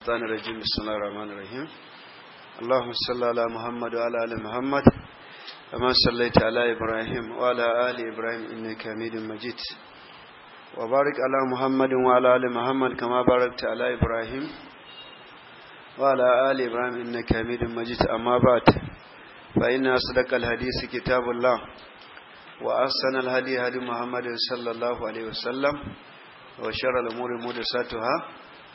الشيطان الرجيم بسم الله الرحمن الرحيم اللهم صل على محمد وعلى ال محمد كما صليت على ابراهيم وعلى ال ابراهيم انك حميد مجيد وبارك على محمد وعلى ال محمد كما باركت على ابراهيم وعلى ال ابراهيم انك حميد مجيد اما بعد فان اصدق الحديث كتاب الله واحسن الهدي هدي محمد صلى الله عليه وسلم وشر الامور محدثاتها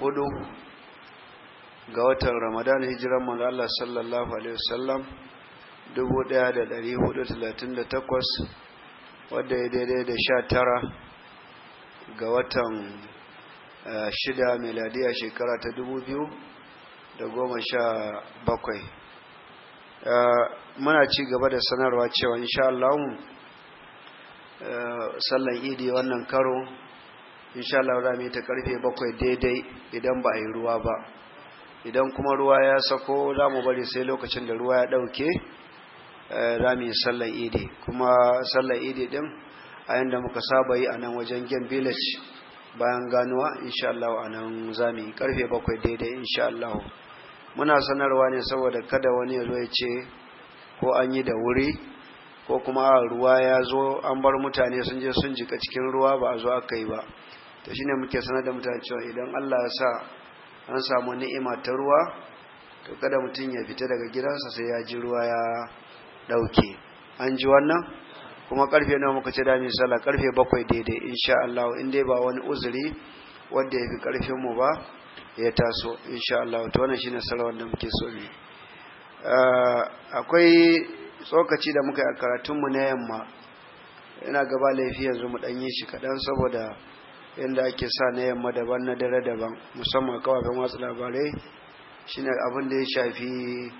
hudu ga watan ramadan hijiran manzo Allah sallallahu alaihi wasallam 1438 wadda ya daidai da 19 ga watan eh, shida miladiya shekara ta 2017 eh, muna ci gaba da sanarwa cewa insha Allah eh, sallan idi wannan karo insha Allah za mu yi ta karfe bakwai daidai idan ba a yi ruwa ba idan kuma ruwa ya sako za mu bari sai lokacin da ruwa ya ɗauke rami eh, mu sallar idi kuma sallar idi din a yadda muka saba yi a nan wajen gen village bayan ganuwa insha Allah a nan za karfe bakwai daidai insha Allah muna sanarwa ne saboda kada wani ya zo ya ce ko an yi da wuri ko kuma ruwa ya zo an bar mutane sun je sun jika cikin ruwa ba a zo aka yi ba to shine muke sanar da mutane cewa idan Allah ya sa an samu ni'ima ta ruwa to kada mutum ya fita daga gidansa sai ya ji ruwa ya dauke an ji wannan kuma karfe nawa muka ce da sallah karfe bakwai daidai insha Allah in dai ba wani uzuri wanda yafi karfin mu ba ya taso insha Allah to wannan shine sallah wanda muke so ne ah, akwai tsokaci da muka yi a karatunmu na yamma ina gaba laifi yanzu mu ɗan shi kaɗan saboda yadda ake sa na yamma daban na dare daban musamman kawafen watsa labarai shine abin da ya shafi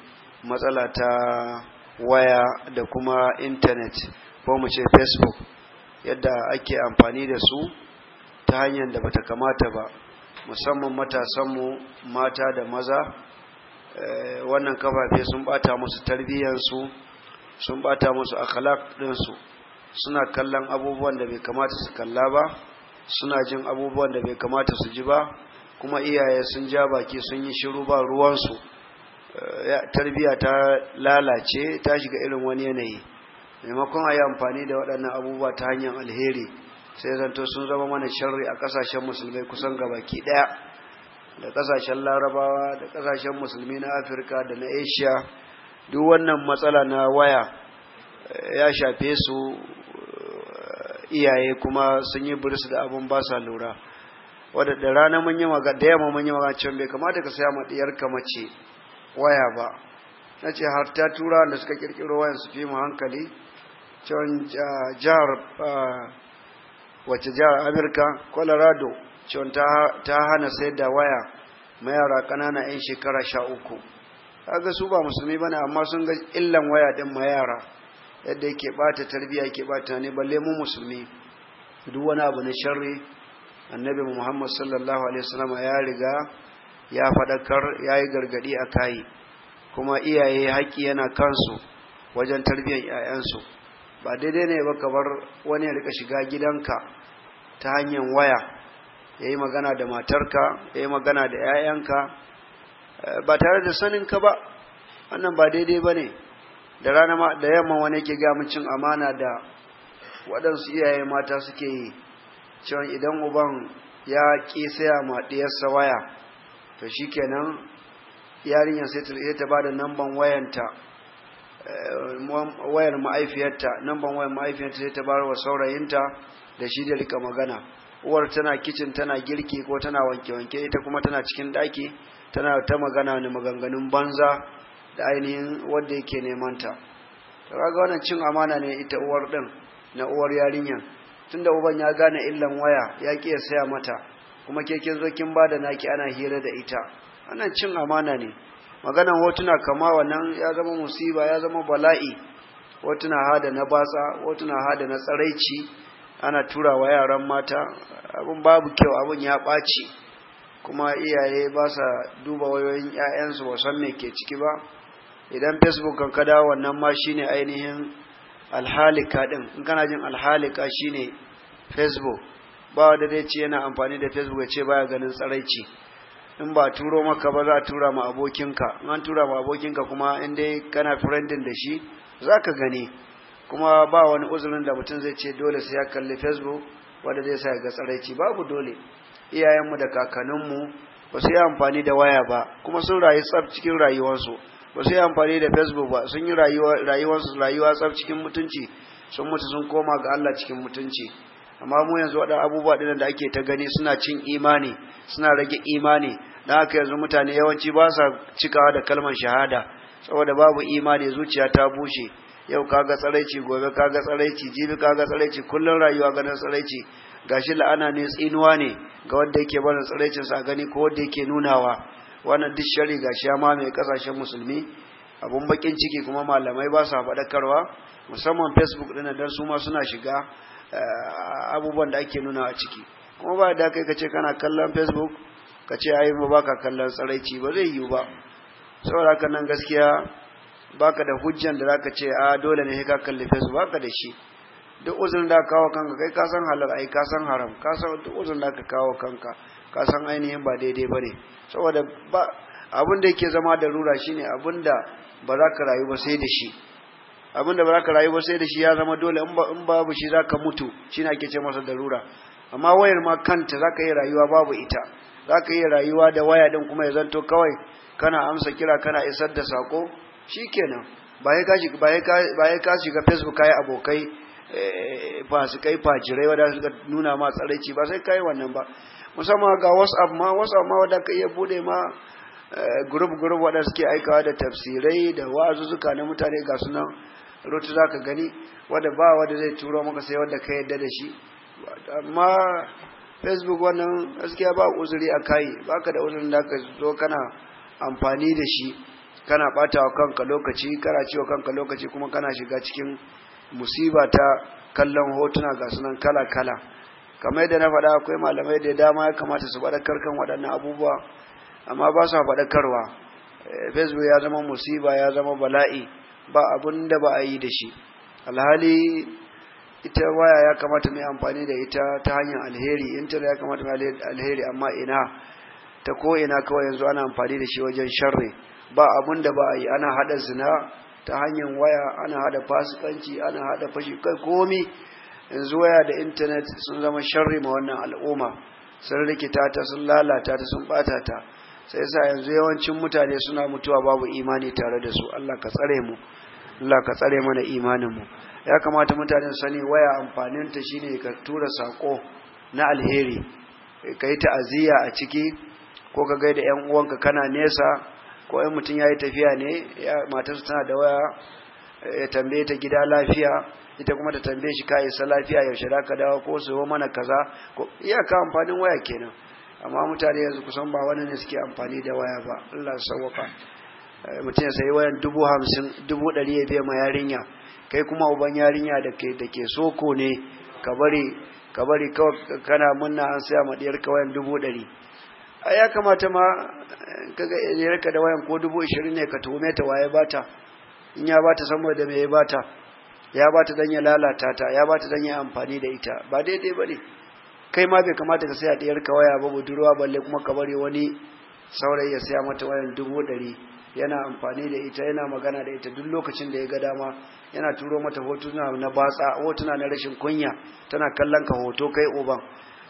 matsala ta waya da kuma intanet ko mu ce facebook yadda ake amfani da su ta hanyar da bata kamata ba musamman matasanmu mata da maza eh, wannan kafafe sun bata musu tarbiyyansu sun bata musu akhlaq ɗinsu suna kallon abubuwan da bai kamata su kalla ba suna jin abubuwan da bai kamata su ji ba kuma iyaye sun ja baki sun yi shiru ba ruwansu eh, tarbiya ta lalace ta shiga irin wani yanayi maimakon a yi amfani da waɗannan abubuwa ta hanyar alheri sai zanto sun zama mana sharri a ƙasashen musulmai kusan gabaki ɗaya da ƙasashen larabawa da ƙasashen musulmi na afirka da na asia duk wannan matsala na waya eh, ya shafe su iyaye kuma sun yi buris da abin ba sa lura wadda da rana mun yi maga da yamma mun yi maga cewa bai kamata ka saya ma ka mace waya ba na ce har ta tura da suka kirkiro wayan su fi mu hankali cewa jihar wacce jihar amurka colorado cewa ta hana sayar da waya ma yara ƙanana 'yan shekara sha uku kaga su ba musulmi bane amma sun ga illan waya din ma yara yadda yake bata tarbiya yake bata ne balle mu musulmi duk wani abu na sharri annabi muhammad sallallahu alaihi wasallam ya riga ya fadakar ya yi gargadi a kai kuma iyaye haƙƙi yana kansu wajen tarbiyyar 'ya'yansu ba daidai ne ba ka bar wani ya rika shiga gidanka ta hanyar waya ya yi magana da matarka ya yi magana da 'ya'yanka eh, ba tare da saninka ba wannan ba daidai ba ne da rana ma da yamma wani yake ga cin amana da waɗansu iyaye mata suke yi cewa idan uban ya ƙi saya ma ɗiyarsa waya to shikenan yarinyar sai ta ba da namban wayanta eh, wayar ma'aifiyarta namban wayar ma'aifiyarta sai ta wa saurayinta da shi da rika magana uwar tana kicin tana girki ko tana wanke-wanke ita kuma tana cikin ɗaki, tana ta magana ne maganganun banza da ainihin wanda yake neman ta to kaga wannan cin amana ne ita uwar din na uwar yarinyar tunda uban ya gane illan waya ya ki ya saya mata kuma ke kin zo kin bada naki ana hira da ita wannan cin amana ne maganan hotuna kama wannan ya zama musiba ya zama bala'i hotuna hada na batsa hotuna hada na tsaraici ana turawa yaran mata abun babu kyau abun ya ɓaci kuma iyaye ba sa duba wayoyin 'ya'yansu ba san me ke ciki ba idan facebook kan ka dawo wannan ma shine ainihin alhalika din in kana jin alhalika shine facebook ba wanda zai ce yana amfani da facebook ya ce baya ganin tsaraici in ba turo maka ba za a tura ma abokinka in an tura ma abokinka kuma in dai kana friendin da shi za ka gani kuma ba wani uzurin da mutum zai ce dole sai ya kalli facebook wanda zai sa ya ga tsaraici babu dole iyayenmu da kakanninmu ba su yi amfani da waya ba kuma sun rayu tsab cikin rayuwarsu ba sai amfani da facebook ba sun yi rayuwarsu rayuwa cikin mutunci sun mutu sun koma ga Allah cikin mutunci amma mu yanzu waɗanda abubuwa ɗin da ake ta gani suna cin imani suna rage imani don haka yanzu mutane yawanci ba sa cikawa da kalmar shahada saboda babu imani zuciya ta bushe yau kaga tsaraici gobe kaga tsaraici jibi kaga tsaraici kullum rayuwa ganin tsaraici gashi la'ana ne tsinuwa ne ga wanda yake barin tsaraicin a gani ko wanda yake nunawa wannan duk shari ga shi ma mai kasashen musulmi abun bakin ciki kuma malamai ba sa faɗakarwa musamman facebook ɗin da su ma suna shiga eh, abubuwan da ake nuna a ciki kuma ba da kai kace kana kallon facebook kace ai ba baka kallon tsaraici ba zai yiwu ba saboda haka nan gaskiya baka da hujjan da zaka ce a ah, dole ne ka kalli facebook baka da shi duk uzurin da kawo kanka kai ka san halal ai ka san haram ka san duk uzurin da ka kawo kanka ka san ainihin ba daidai ba ne saboda abin da yake zama da rura shine abin da ba za ka rayu ba sai da shi abin da ba za ka rayu ba sai da shi ya zama dole in babu shi za ka mutu shi na ake ce masa da rura amma wayar ma kanta za ka yi rayuwa babu ita za ka yi rayuwa da waya din kuma ya zanto kawai kana amsa kira kana isar da sako nan ba ya ka shiga facebook kayi abokai eh, eh, fasikai fajirai wadda suka nuna ma tsaraici ba sai kayi wannan ba musamman ga whatsapp ma whatsapp ma wadda ka iya bude ma eh, group group wadda suke aikawa da tafsirai da wa'azuzzuka na mutane ga sunan rutu za ka gani wadda ba wadda zai turo maka sai wadda ka yadda da shi amma facebook wannan gaskiya ba uzuri a kai baka da uzurin da ka zo kana amfani da shi kana bata wa kanka lokaci kana ciwo kanka lokaci kuma kana shiga cikin musiba ta kallon hotuna ga sunan kala kala kamar yadda na faɗa akwai malamai da dama ya kamata su faɗakar kan waɗannan abubuwa amma ba su faɗakarwa eh, facebook ya zama musiba ya zama bala'i ba abun da ba a yi da shi alhali ita waya ya kamata mai amfani da ita ta hanyar alheri intanet ya kamata mai alheri amma ina ta ko ina kawai yanzu ana amfani da shi wajen sharri ba abun da ba a yi ana haɗa zina ta hanyar waya ana haɗa fasikanci ana haɗa fashi kai komi yanzu waya da intanet sun zama sharri ma wannan al'umma sun rikita ta sun lalata ta sun bata ta sai sa yanzu yawancin mutane suna mutuwa babu imani tare da su Allah ka tsare mu Allah ka tsare mana imanin mu ya kamata mutane su sani waya amfanin ta shine ka tura sako na alheri ka yi ta'aziyya a ciki ko ka gaida yan uwanka kana nesa ko ai mutum yayi tafiya ne matarsa tana da waya ya tambaye ta gida lafiya ita kuma ta tambaye shi ka isa lafiya yaushe da ka dawo ko su mana kaza ko iya ka amfanin waya kenan amma mutane yanzu kusan ba wani ne suke amfani da waya ba Allah sauwaka eh, mutum ya sayi wayan dubu hamsin dubu ɗari ya biya ma yarinya kai kuma uban yarinya da ke da ke soko ne ka bari ka bari kana munna an saya ma ɗiyar ka wayan dubu ɗari a ya kamata ma kaga ɗiyar ka da wayan ko dubu ishirin ne ka tuhume ta waye bata in ya bata da me ya bata ya ba ta dan ya lalata ta ya ba ta dan ya amfani da ita ba daidai ba ne kai ma bai kamata ka saya ɗayar ka waya ba budurwa balle kuma ka bari wani saurayi ya saya mata wayan dubu ɗari yana amfani da ita yana magana da ita duk lokacin da ya ga dama yana turo mata hotuna na batsa hotuna na rashin kunya tana kallon ka hoto kai uban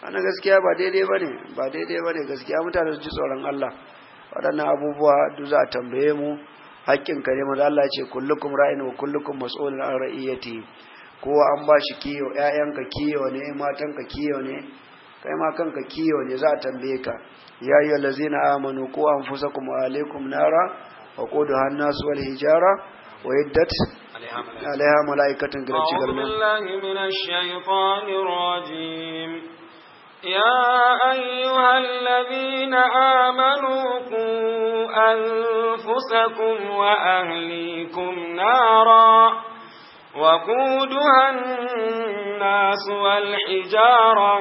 ana gaskiya ba daidai ba ne ba daidai ba ne gaskiya mutane su ji tsoron Allah waɗannan abubuwa duk za a tambaye mu haƙƙin ka ne manzo Allah ya ce kullukum ra'in wa kullukum mas'ulun an ra'iyati kowa an ba shi kiyo ƴaƴanka kiyo ne matanka kiyo ne kai ma kanka kiyo ne za a tambaye ka ya ayyuhal ladzina amanu qu anfusakum wa alaykum nara wa quduha an-nas wal hijara wa yaddat alaiha ملائكة قرأت أعوذ بالله من الشيطان الرجيم يا أيها الذين آمنوا قوا أنفسكم وأهليكم نارا وقودها الناس والحجارة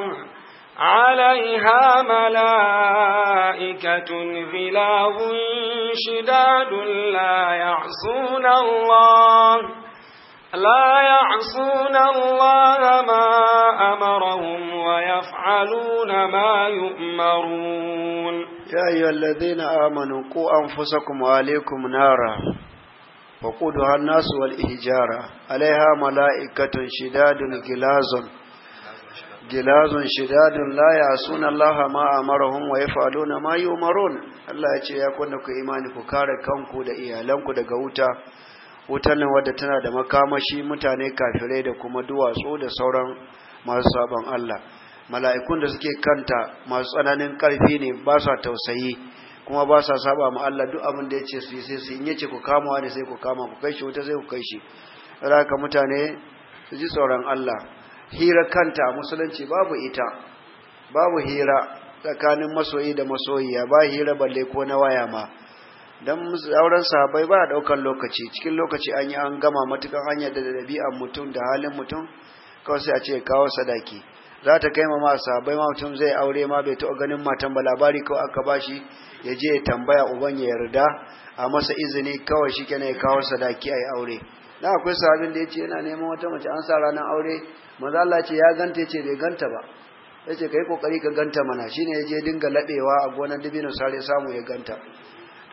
عليها ملائكة غلاظ شداد لا يعصون الله لا يعصون الله ما أمرهم ويفعلون ما يؤمرون يا أيها الذين آمنوا قوا أنفسكم وعليكم نارا وقودها الناس والإهجارة عليها ملائكة شداد غلاظ غلاظ شداد لا يعصون الله ما أمرهم ويفعلون ما يؤمرون الله يا يكون لك كare kanku da iyalanku daga wuta wutan nan wadda tana da makamashi mutane kafirai da kuma duwatsu da sauran masu sabon Allah mala'ikun da suke kanta masu tsananin ƙarfi ne ba sa tausayi kuma ba sa saba ma Allah duk abin da ya ce su yi sai su in yace ku kama ne sai ku kama ku kai shi wata sai ku kai shi raka mutane su ji tsoron Allah hira kanta musulunci babu ita babu hira tsakanin masoyi da masoyiya ba hira balle ko na waya ma dan auren sahabbai ba daukan lokaci cikin lokaci an yi an gama matukan hanyar da dabi'an mutum da halin mutum kawai sai a ce kawo sadaki za ta kai ma bai ma mutum zai aure ma bai taɓa ganin matan ba labari kawai aka bashi ya je ya tambaya uban ya yarda a masa izini kawai shi kenan ya kawo sadaki a yi aure na akwai sahabin da ya ce yana neman wata mace an sa ranar aure maza Allah ce ya ganta ya ce bai ganta ba ya ce ka kokari ka ganta mana shine ya je dinga laɓewa a gonar dabino sare samu ya ganta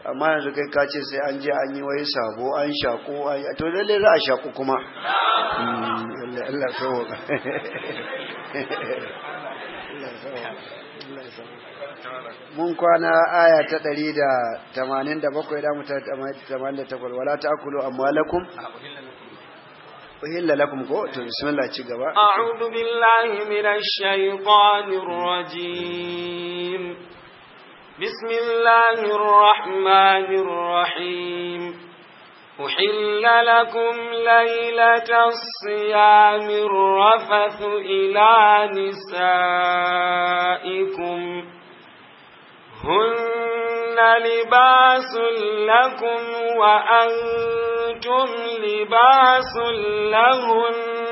amma yanzu kai ka ce sai an je an yi wai sabo an shaƙo an yi to lalle za a shaku kuma hmm, Allah mun kwana aya ta ɗari da tamanin da bakwai da mutar ta tamanin da takwal wala ta akulu amma lakum أهل لكم قوت بسم الله تجوا أعوذ بالله من الشيطان الرجيم بسم الله الرحمن الرحيم أحل لكم ليلة الصيام الرفث إلى نسائكم هن لباس لكم وأنتم لباس لهن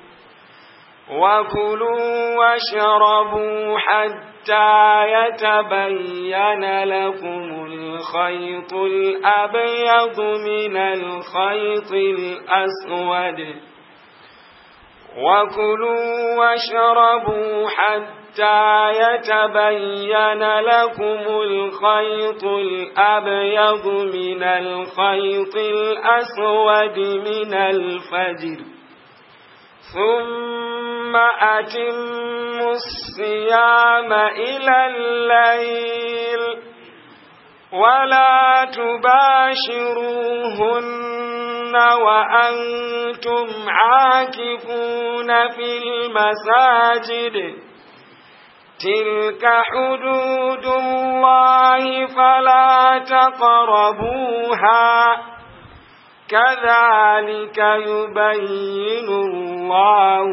وكلوا واشربوا حتى يتبين لكم الخيط الأبيض من الخيط الأسود وكلوا واشربوا حتى يتبين لكم الخيط الأبيض من الخيط الأسود من الفجر ثم أتم الصيام إلى الليل ولا تباشروهن وأنتم عاكفون في المساجد تلك حدود الله فلا تقربوها كذلك يبين الله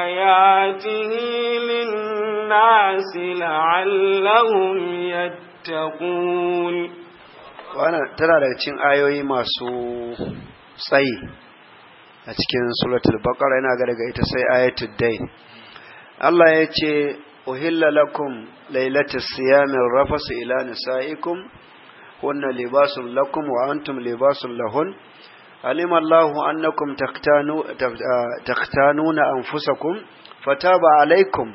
آياته للناس لعلهم يتقون wannan tana daga cikin ayoyi masu tsayi a cikin suratul baqara yana ga daga ita sai ayatul dai Allah ya ce uhilla lakum lailatus siyamir rafasu ila nisaikum hunna libasun lakum wa antum libasun lahun علم الله أنكم آه، تختانون أنفسكم فتاب عليكم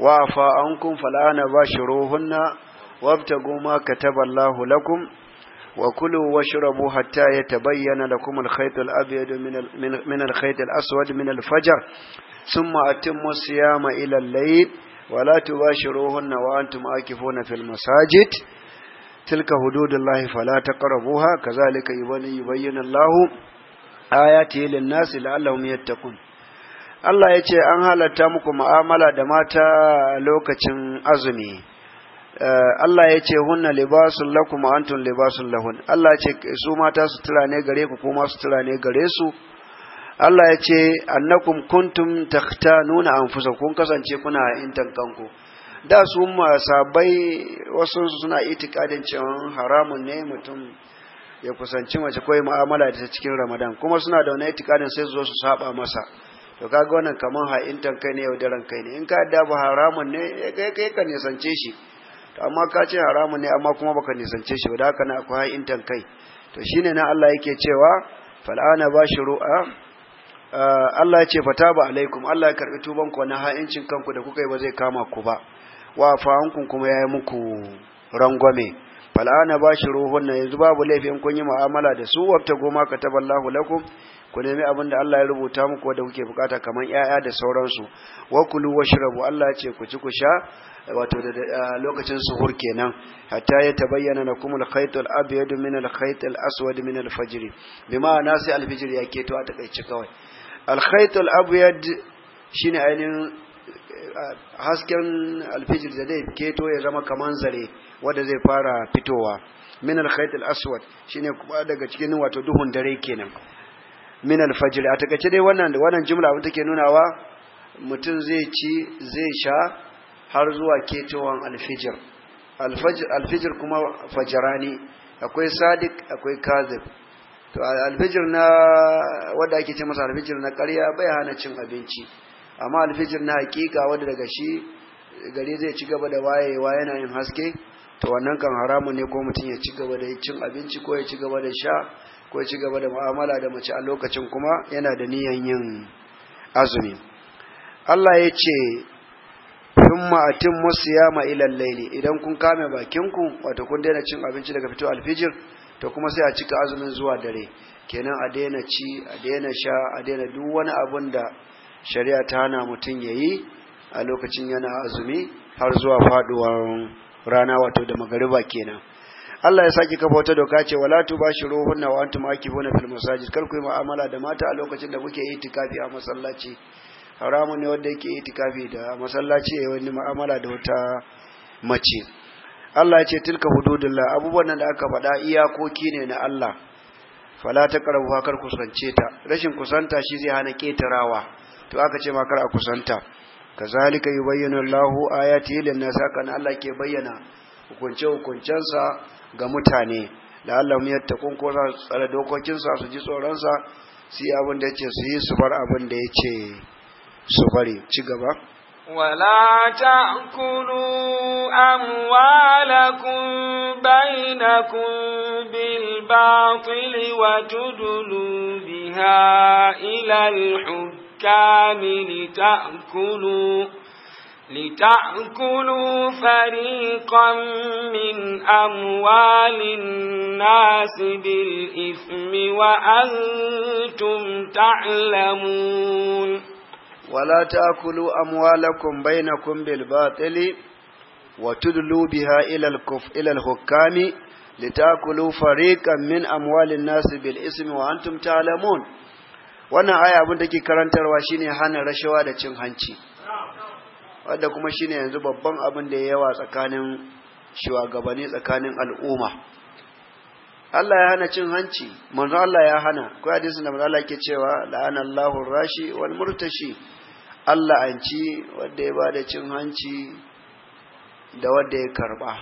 وعفى عنكم فالآن باشروهن وابتغوا ما كتب الله لكم وكلوا واشربوا حتى يتبين لكم الخيط الأبيض من الخيط الأسود من الفجر ثم أتموا الصيام إلى الليل ولا تباشروهن وأنتم آكفون في المساجد tilka hududullahi fala فلا تقربوها كذلك Allahu ayati lin nasi la'allahum yattaqun Allah ya ce an halatta muku ma'amala da mata lokacin azumi eh, Allah ya ce hunna libasun lakum antum libasun lahun Allah ya ce su mata tura ne gare ku kuma tura ne gare su Allah ya ce annakum kuntum takhtanuna anfusakum kun kasance kuna intan kanku da su masabai wasu suna itikadin cewa haramun ne mutum ya kusanci mace ko mu'amala da ta cikin ramadan kuma suna da wani itikadin sai su zo su saba masa to kaga wannan kaman ha'intan kai ne yaudaran kai ne in ka yadda ba haramun ne kai ka nisance shi to amma ka ce haramun ne amma kuma baka nisance shi ba da haka na akwai ha'intan kai to shine na Allah yake cewa fal'ana bashiru'a Allah ya ce fataba alaikum Allah ya karbi tuban ku na ha'incin kanku da kuka yi ba zai kama ku ba wa fahimkun kuma ya yi muku rangwame fal'ana ba shi ruhun na yanzu babu laifin kun yi mu'amala da su wabta goma ka taɓa Allah lakum ku nemi abin da Allah ya rubuta muku wanda kuke bukata kamar ‘ya'ya da sauransu wa kulu wa shirabu Allah ce ku ci ku sha wato da lokacin suhur kenan hatta ya tabayyana na kuma alkhaitul abiyadu min alkhaitul aswad min alfajiri bi ma'ana sai alfijiri ya keto a takaice kawai alkhaitul abiyad shine ainihin hasken alfijir da zai keto ya zama kaman zare wanda zai fara fitowa min al-khayt al-aswad shine kuma daga cikin wato duhun dare kenan min al-fajr a takace dai wannan wannan jumla abin take nunawa mutum zai ci zai sha har zuwa ketowan al-fajr al-fajr al kuma fajarani akwai sadiq akwai kazib to al na wanda ake ce masa al na ƙarya bai hana cin abinci amma alfijir na hakika wanda daga shi gari zai ci gaba da wayewa yana yin haske to wannan kan haramu ne ko mutum ya ci gaba da cin abinci ko ya ci gaba da sha ko ya ci gaba da mu'amala da mace a lokacin kuma yana da niyan yin azumi Allah ya ce thumma atimmu siyama ila al idan kun kame ku wato kun daina cin abinci daga fito alfijir to kuma sai a cika azumin zuwa dare kenan a daina ci a daina sha a daina duk wani abun da shari'a ta hana mutum ya yi a lokacin yana azumi har zuwa faduwar rana wato da magariba kenan Allah ya saki kafa wata doka ce wala tubashiruhunna wa antum akifuna fil masajid kar ku yi mu'amala da mata a lokacin da kuke itikafi a masallaci haramun ne wanda yake itikafi da masallaci ya wani mu'amala da wata mace Allah ya ce tilka hududullah abubuwan nan da aka faɗa iyakoki ne na Allah fala ta karabu kar kusance ta rashin kusanta shi zai hana ketarawa to aka ce ma kar a kusanta kazalika yubayyinu Allahu ayati lin nas na Allah ke bayyana hukunce hukuncensa ga mutane da Allah mu yattakun ko za su tsara dokokin sa su ji tsoron sa su yi abin da yace su yi su bar abin da yake su bari ci gaba ولا تأكلوا أموالكم بينكم بالباطل وتدلوا بها إلى الأكام لتأكلوا لتأكلوا فريقا من أموال الناس بالإثم وأنتم تعلمون ولا تأكلوا أموالكم بينكم بالباطل وتدلوا بها إلى الكف إلى الحكام لتأكلوا فريقا من أموال الناس بالإثم وأنتم تعلمون wannan aya abin da ke karantarwa shine hana rashawa da cin hanci wadda kuma shine yanzu babban abin da ya yawa tsakanin shugabanni tsakanin al'umma Allah ya hana cin hanci manzo Allah ya hana ko hadisin da manzo Allah yake cewa la'ana Allahu rashi wal murtashi Allah anci wanda ya bada cin hanci da wanda ya karba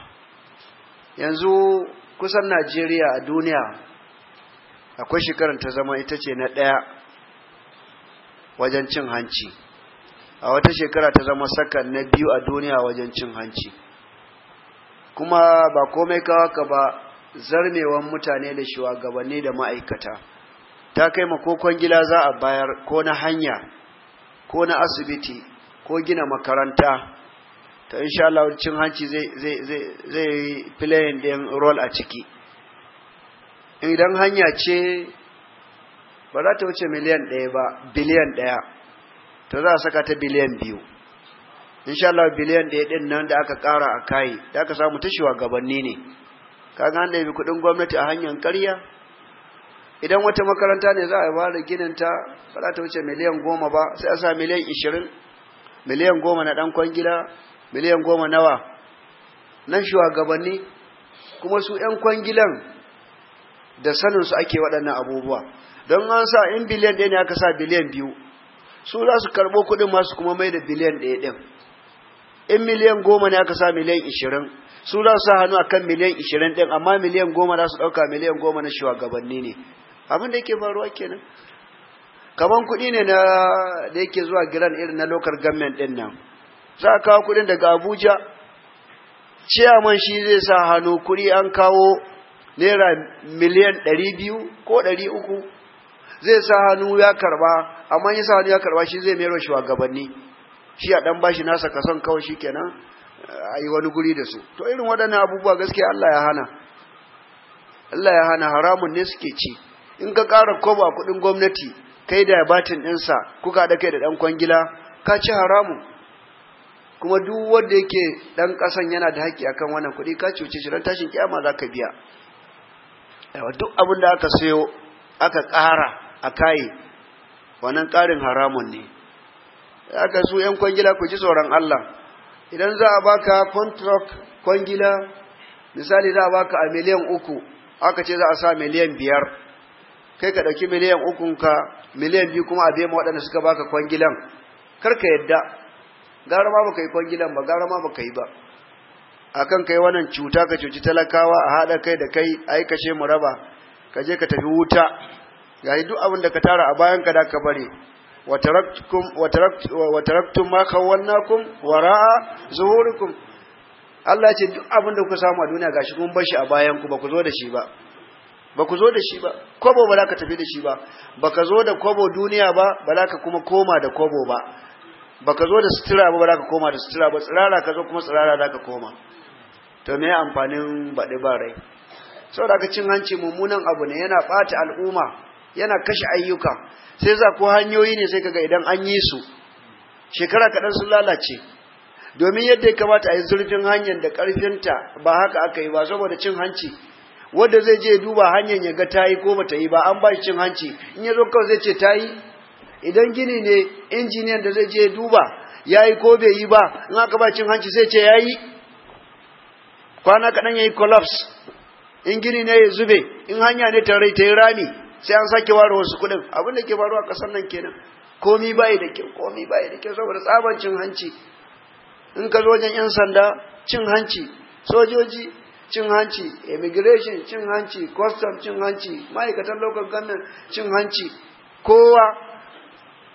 yanzu kusan Najeriya a duniya akwai shekarar ta zama ita ce na ɗaya wajen cin hanci a wata shekara ta zama sakan na biyu a duniya wajen cin hanci kuma ba komai kawo ka ba zarmewan mutane da shugabanni da ma'aikata ta kai makokon gila za a bayar ko na hanya ko na asibiti ko gina makaranta ta insha Allah cin hanci zai yi filayin ɗin rol a ciki idan hanya ce ba za ta wuce miliyan ɗaya ba biliyan ɗaya to za a saka ta biliyan biyu insha Allah biliyan ɗaya ɗin nan da aka ƙara a kayi da aka samu ta shugabanni ne kaga an ɗabi kuɗin gwamnati a hanyar ƙarya idan wata makaranta ne za a ba da ginin ta ba za ta wuce miliyan goma ba sai a sa miliyan ishirin miliyan goma na ɗan kwangila miliyan goma nawa nan shugabanni kuma su ‘yan kwangilan da saninsu ake waɗannan abubuwa don an sa in biliyan ɗaya ne aka sa biliyan biyu su za su karɓo kuɗin masu kuma mai da biliyan ɗaya ɗin in miliyan goma ne aka sa miliyan ishirin su za su sa hannu akan miliyan ishirin ɗin amma miliyan goma za su ɗauka miliyan goma na shugabanni ne abin da yake faruwa kenan kaman kuɗi ne na da yake zuwa giran irin na lokar gamen ɗin nan za a kawo kuɗin daga abuja ciyaman shi zai sa hannu kuɗi an kawo naira miliyan ɗari biyu ko ɗari uku zai sa hannu ya karba amma yin sa hannu ya karba shi zai mero shi wa gabanni shi a dan bashi nasa kason kawai shi kenan eh, a yi wani guri da su to irin waɗannan abubuwa gaskiya Allah ya hana Allah ya hana haramun ne suke ci in ka ƙara koba kuɗin gwamnati kai da batin ɗinsa kuka da kai da ɗan kwangila ka ci haramun kuma duk wanda yake ɗan ƙasan yana da haƙƙi akan wannan kuɗi ka cuce shi don tashin kiyama za ka biya duk abin da aka sayo aka ƙara a kayi wannan ƙarin haramun ne aka su ‘yan kwangila ku ji tsoron Allah idan za a baka contract kwangila misali za a baka a miliyan uku aka ce za a sa miliyan biyar kai ka ɗauki miliyan ukunka miliyan biyu kuma a biya waɗanda suka baka kwangilan kar ka yadda gara ma baka yi kwangilan ba gara ma baka yi ba A kan kai wannan cuta ka cuci talakawa a haɗa kai da kai aikace kashe mu raba ka je ka tafi wuta yayi duk abin da ka tara a bayan ka da ka bari. Wa وتركت وتركتم ما خولناكم وراء Allah ce duk abin da kuka samu a duniya gashi kun bar shi a bayan ku baku zo da shi ba baku zo da shi ba kobo ba za ka tafi da shi ba baka zo da kobo duniya ba ba za ka kuma koma da kobo ba baka zo da sutura ba ba za ka koma da sutura ba tsirara ka zo kuma tsirara za ka koma to me amfanin baɗi ba rai saboda ka cin hanci mummunan abu ne yana ɓata al'umma yana kashe ayyuka sai za ku hanyoyi ne sai kaga idan an yi su shekara kaɗan sun lalace domin yadda ya kamata a yi zurfin hanyar da ƙarfinta ba haka aka yi ba saboda cin hanci wanda zai je duba hanyar ya ga ta yi ko bata yi ba an ba shi cin hanci in ya zo kawai zai ce ta yi idan gini ne injiniyan da zai je duba ya yi ko bai yi ba in aka ba cin hanci sai ce ya yi kwana kaɗan ya yi collapse in gini ne ya zube in hanya ne ta rai ta yi rami sai an sake ware wasu kuɗin abin da ke faruwa kasar nan kenan komi bai da kyau komi bai da kyau saboda tsaban cin hanci in ka zo wajen yan sanda cin hanci sojoji cin hanci immigration cin hanci custom cin hanci ma'aikatan local government cin hanci kowa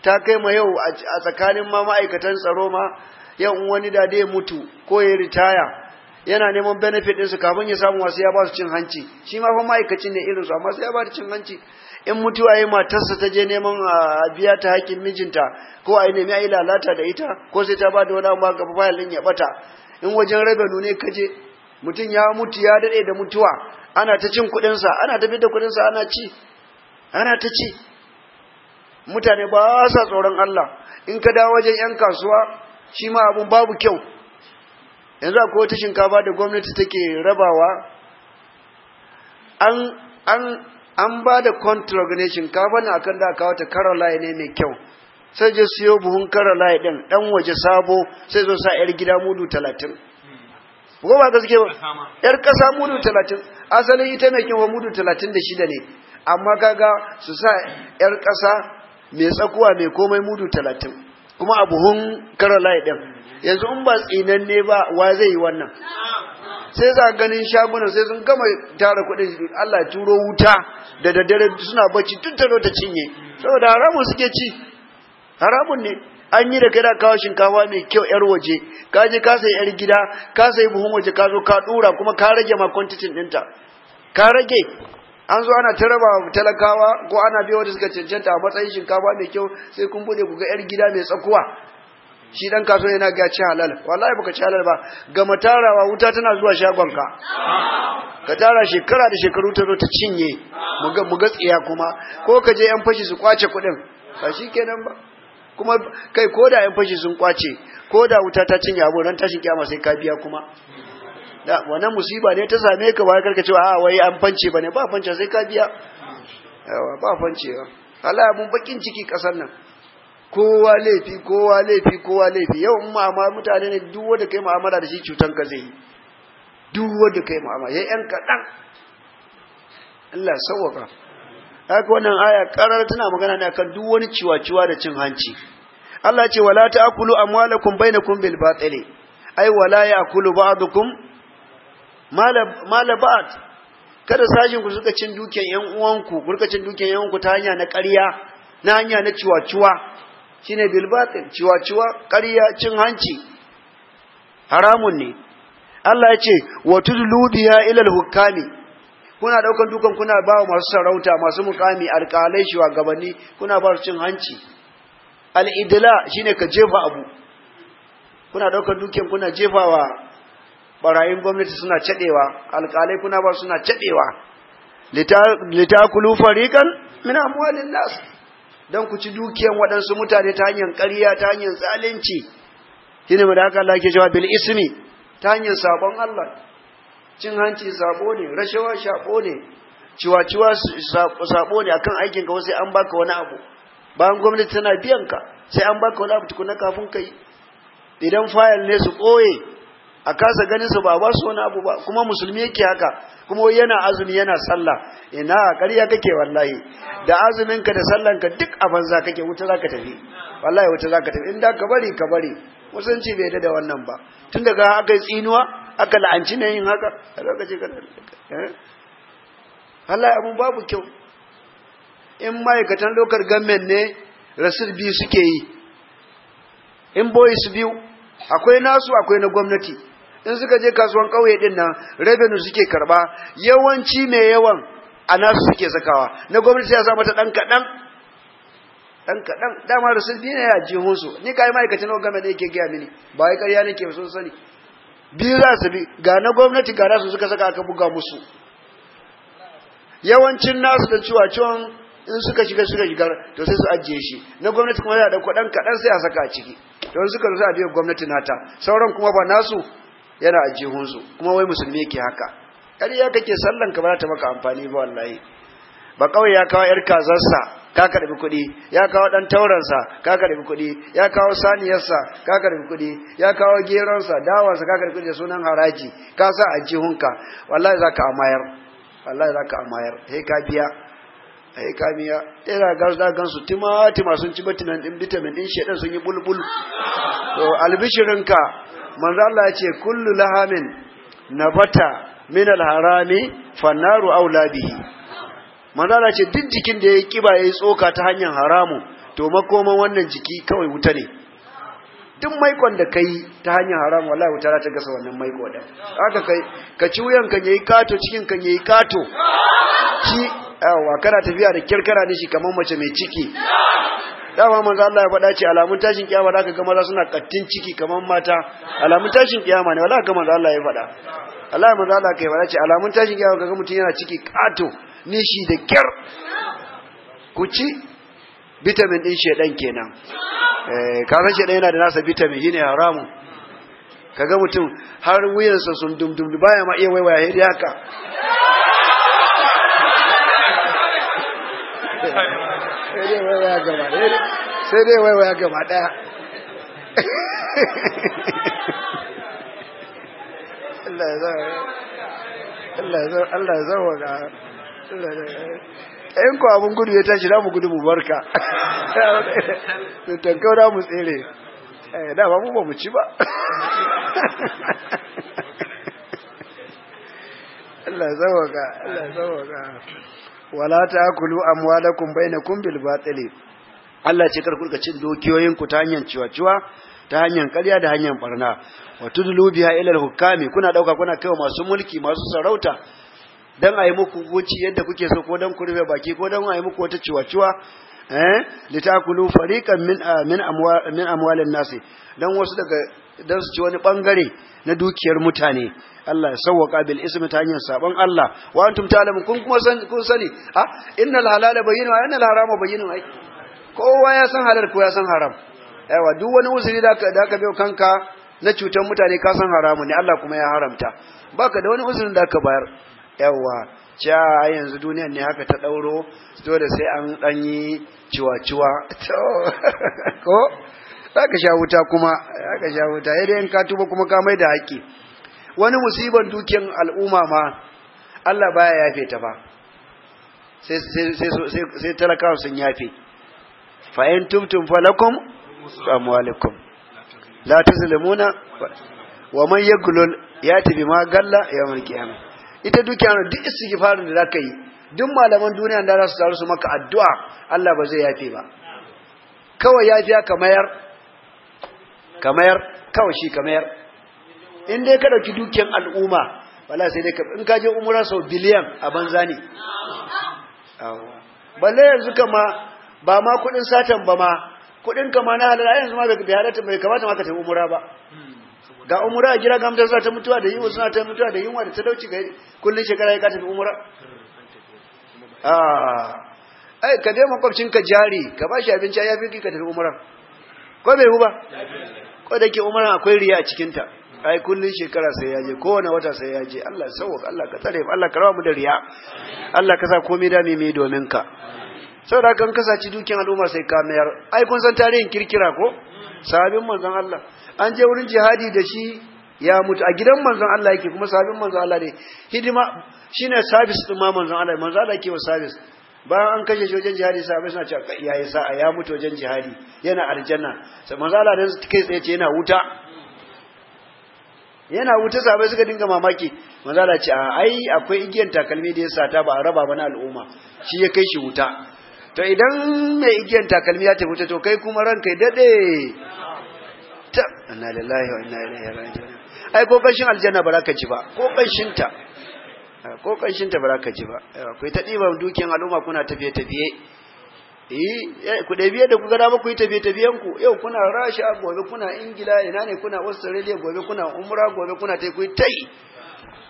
ta kai ma yau a tsakanin ma ma'aikatan tsaro ma yau wani da dai mutu ko ya ritaya yana neman benefit ɗinsu kafin ya samu wasu ya ba su cin hanci shi ma fa ma'aikacin ne irin su amma sai ya ba cin hanci in mutuwa yi matarsa ta je neman a biya ta hakkin mijinta ko a yi nemi a yi lalata da ita ko sai ta ba da wani amma gaba fayalin ya bata in wajen rabenu ne kaje mutum ya mutu ya daɗe da mutuwa ana ta cin kuɗinsa ana tafi da kuɗinsa ana ci ana ta ci mutane ba sa tsoron Allah in ka dawo wajen 'yan kasuwa shi ma abun babu kyau yanzu a kowace shinkafa da gwamnati take rabawa an an an ba da kontrol ne shinkafa na akan da aka wata karalaye ne mai kyau sai je siyo buhun karalaye din dan waje sabo sai zo sa yar gida mudu talatin. ko ba gaske ba yar kasa mudu talatin asalin ita mai kyau mudu talatin da shida ne amma kaga su sa yar kasa mai tsakuwa mai komai mudu talatin kuma a buhun karalaye din yanzu in ba tsinanne ba wa zai yi wannan sai za ganin shagunan sai sun gama tara kuɗin Allah ya turo wuta da daddare suna bacci tun ta ta cinye saboda haramun suke ci haramun ne an yi da kai da kawo shinkafa mai kyau yar waje ka je ka sai yar gida ka sai buhun waje ka zo ka dura kuma ka rage ma kwantitin ɗinta ka rage an zo ana ta raba talakawa ko ana biya wata suka cancanta a matsayin shinkafa mai kyau sai kun bude ku ga yar gida mai tsakuwa shi dan kaso yana ga ci halal wallahi baka ci halal ba ga matarawa wuta tana zuwa shagonka ka tara shekara da shekaru ta zo ta cinye mu ga tsiya kuma ko ka je yan fashi su kwace kuɗin ba kenan ba kuma kai ko da yan fashi sun kwace ko da wuta ta cinye abu ran tashin kiyama sai ka biya kuma da wannan musiba ne ta same ka ba karka cewa a ah, wai an fance bane ba fance sai ka biya yawa ba fancewa Allah mun bakin ciki kasar nan kowa laifi kowa laifi kowa laifi yau in ma'amala mutane ne duk wanda kai ma'amala da shi cutan ka zai yi duk wanda kai ma'amala ya yan kaɗan Allah sauwaka haka wannan aya karar tana magana ne akan duk wani ciwa-ciwa da cin hanci Allah ce wala ta'kulu amwalakum bainakum bil batili ai wala ya'kulu ba'dukum mala mala ba'd kada sajin ku suka cin dukiyan yan uwanku ku rika cin dukiyan yan uwanku ta hanya na ƙarya na hanya na ciwa-ciwa shine bil batil ciwa-ciwa ƙarya cin hanci haramun ne Allah ya ce wa tudlu biha ila al-hukami kuna daukan dukan kuna ba masu sarauta masu mukami alƙalai shugabanni kuna ba cin hanci al-idla shine ka jefa abu kuna daukan dukan kuna jefawa barayin gwamnati suna cadewa alƙalai kuna ba suna cadewa litakulu fariqan min amwalin nas don ku ci dukiyan waɗansu mutane ta hanyar ƙarya ta hanyar zalunci shi ne da Allah ke cewa bil ismi ta hanyar sabon Allah cin hanci sabo ne rashawa sabo ne ciwa-ciwa sabo ne akan aikin ka sai an baka wani abu bayan gwamnati tana biyan ka sai an baka wani abu tukuna kafin kai idan fayal ne su koye a kasa ganin su ba ba su wani abu ba kuma musulmi yake haka kuma yana azumi yana sallah ina ƙarya kake wallahi da azumin ka da sallan ka duk a banza kake wuta zaka tafi wallahi wuta zaka tafi in da ka bari ka bari musanci bai da wannan ba tun daga aka yi tsinuwa aka la'anci na yin haka a lokaci ka eh? wallahi abun babu kyau in ma'aikatan lokar gamen ne rasul biyu suke yi in boys biyu akwai nasu akwai na gwamnati in suka je kasuwan ƙauye din nan revenue suke karba yawanci mai yawan a nasu suke sakawa na gwamnati ya sa mata ɗan kaɗan ɗan kaɗan dama da sun biyu ne a jihunsu ni ka yi ma'aikacin na gwamnati yake gaya mini ba wai ƙarya nake sun sani biyu za su bi ga na gwamnati ga nasu suka saka aka buga musu yawancin nasu da cewa cewan in suka shiga suka shiga to sai su ajiye shi na gwamnati kuma ya dauko ɗan kadan sai a saka a ciki to suka zo sai a biyo gwamnati nata sauran kuma ba nasu yana a jihunsu kuma wai musulmi ke haka ƙarya kake sallan ka ba ta maka amfani ba wallahi ba kawai ya kawo yar kazarsa ka karbi kuɗi ya kawo ɗan tauransa ka karbi kuɗi ya kawo saniyarsa ka karbi kuɗi ya kawo geronsa dawarsa ka karbi kuɗi da sunan haraji ka sa a jihunka wallahi za ka amayar wallahi za ka amayar he ka biya he ka biya ina ga za gan su timatima sun ci bitamin din bitamin din shedan sun yi bulbul to albishirinka manzo Allah ya ce kullu lahamin nabata min alharami fannaru aula bihi manzo Allah ya ce duk jikin da yayi kiba yayi tsoka ta hanyar haramu to makoman wannan jiki kawai wuta ne duk maikon da kai ta hanyar haramu wallahi wuta za ta gasa wannan maiko da haka kai ka ci wuyan kan yayi kato cikin kan yayi kato ki yawa kana tafiya da kirkara da shi kamar mace mai ciki dama manzo Allah ya faɗa ce alamun tashin kiyama da aka ga maza suna kattin ciki kamar mata alamun tashin kiyama ne wallahi ga manzo Allah ya faɗa Allah ya manzo Allah kai faɗa ce alamun tashin kiyama ga mutun yana ciki kato nishi da kyar ku ci vitamin din shedan kenan eh kaga shedan yana da nasa vitamin shine haramu kaga mutum har wuyansa sun dumdum baya ma iya waiwaya haka gaba ɗaya sai dai waiwaya gaba ɗaya Allah ya zama ga ɗayan ku abin gudu ya tashi damu gudu mu barka da tankau damu tsere eh, da ba mu ba mu ci ba Allah ya zama ga Allah ya zama ga wala ta'kulu amwalakum bainakum bil batili Allah ce kar kuka cin dokiyoyin ku ta hanyar ciwa-ciwa ta hanyar ƙarya da hanyar barna wa tudlu biha ila al-hukami kuna dauka kuna kai masu mulki masu sarauta dan ayi muku goci yadda kuke so ko dan ku rufe baki ko dan ayi muku wata ciwa-ciwa eh litakulu fariqan min ah, min amwal min amwalin nasi dan wasu daga dan su ci wani bangare na dukiyar mutane Allah ya sawwaka bil ismi ta hanyar sabon Allah wa antum ta'lamun kun kuma san kun sani ah innal halala bayyinu wa innal harama bayyinu ai kowa ya san halal kowa ya san haram aiwa duk wani usuri da ka da ka biyo kanka na cutar mutane ka san haramu ne Allah kuma ya haramta baka da wani usuri da ka bayar aiwa ca yanzu duniyar ne haka ta ɗauro dole sai an danyi ciwa-ciwa ko za ka sha wuta kuma za ka sha wuta yadda in ka tuba kuma ka mai da haƙƙi wani musiban dukiyan al'umma ma Allah baya yafe ta ba sai talakawa sun yafe fa'in tumtum falakum amwalikum la tuzlimuna wa man yaglul yati bima galla yawmal qiyamah ita dukiya duk istighfarin da zaka yi duk malaman duniya da za su taru su maka addu'a Allah ba zai yafe ba kawai fiya ka mayar kamar kawai shi kamar in dai ka dauki dukiyar al'umma wala sai dai ka in ka je umra sau biliyan a banza ne balle yanzu kama ba ma kudin satan ba ma kudin kama na halala yanzu ma bai halatta bai kamata maka ka tafi umra ba ga umra a gida gamdar za ta mutuwa da yiwu suna ta mutuwa da yunwa da dauci ga kullum shekara ya ka tafi umra ai ka je makwabcinka jari ka ba shi abinci ya fi ka tafi umra ko bai hu ba ko da ke umaran akwai riya a cikinta ai kullun shekara sai ya je kowane wata sai ya je Allah sauka Allah ka tsare Allah ka rawa mu da riya Allah ka sa komai da mai domin ka saboda kan kasaci dukin al'umma sai ka mayar ai kun san tarihin kirkira ko sahabin manzon Allah an je wurin jihadi da shi ya mutu a gidan manzon Allah yake kuma sahabin manzon Allah ne hidima shine service din manzon Allah manzon Allah yake wa service bayan an kashe shi wajen jihadi sahabbai suna cewa ya yi sa'a ya mutu wajen jihadi yana aljanna sai manzo Allah dan kai tsaye ce yana wuta yana wuta sahabbai suka dinga mamaki manzo Allah ce ai akwai igiyar takalmi da ya sata ba a raba ba na al'umma shi ya kai shi wuta to idan mai igiyar takalmi ya tafi to kai kuma ranka ya dade ta inna lillahi wa inna ilaihi raji'un ai ko kashin aljanna ba za ka ci ba ko kashin ta ko kanshin ta baraka ji ba ku ta diba dukiyan al'umma kuna tafiye tafiye eh, eh ku da biye da ku gada ba ku tafiye tafiyan ku yau kuna Rasha gobe kuna Ingila ina ne kuna Australia gobe kuna Umra gobe kuna tai ku tai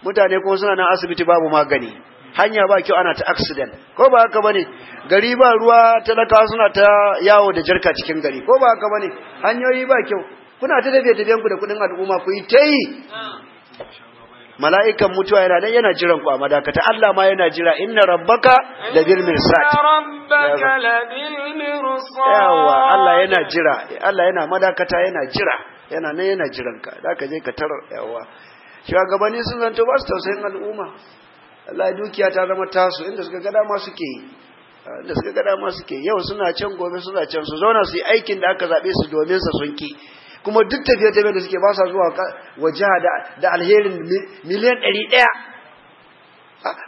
mutane kuma suna nan asibiti babu magani hanya ba kyau ana ta accident ko ba haka bane gari ba ruwa talaka suna ta yawo da jarka cikin gari ko ba haka bane hanyoyi ba kyau kuna ta tafiye tafiyan ku da kudin al'umma ku tai mala'ikan mutuwa yana nan yana jiran ku a madakata Allah ma yana jira inna rabbaka labil mirsad yawa Allah yana jira Allah yana madakata yana jira yana nan yana jiran ka da ka je ka tarar yawa shugabanni sun zanto ba su tausayin al'umma Allah dukiya ta zama tasu inda suka gada ma suke yi inda suka gada ma suke yau suna can gobe suna can su zauna su yi aikin da aka zabe su domin sa sun ki kuma duk tafiye-tafiye da suke ba sa zuwa waje da alherin miliyan ɗari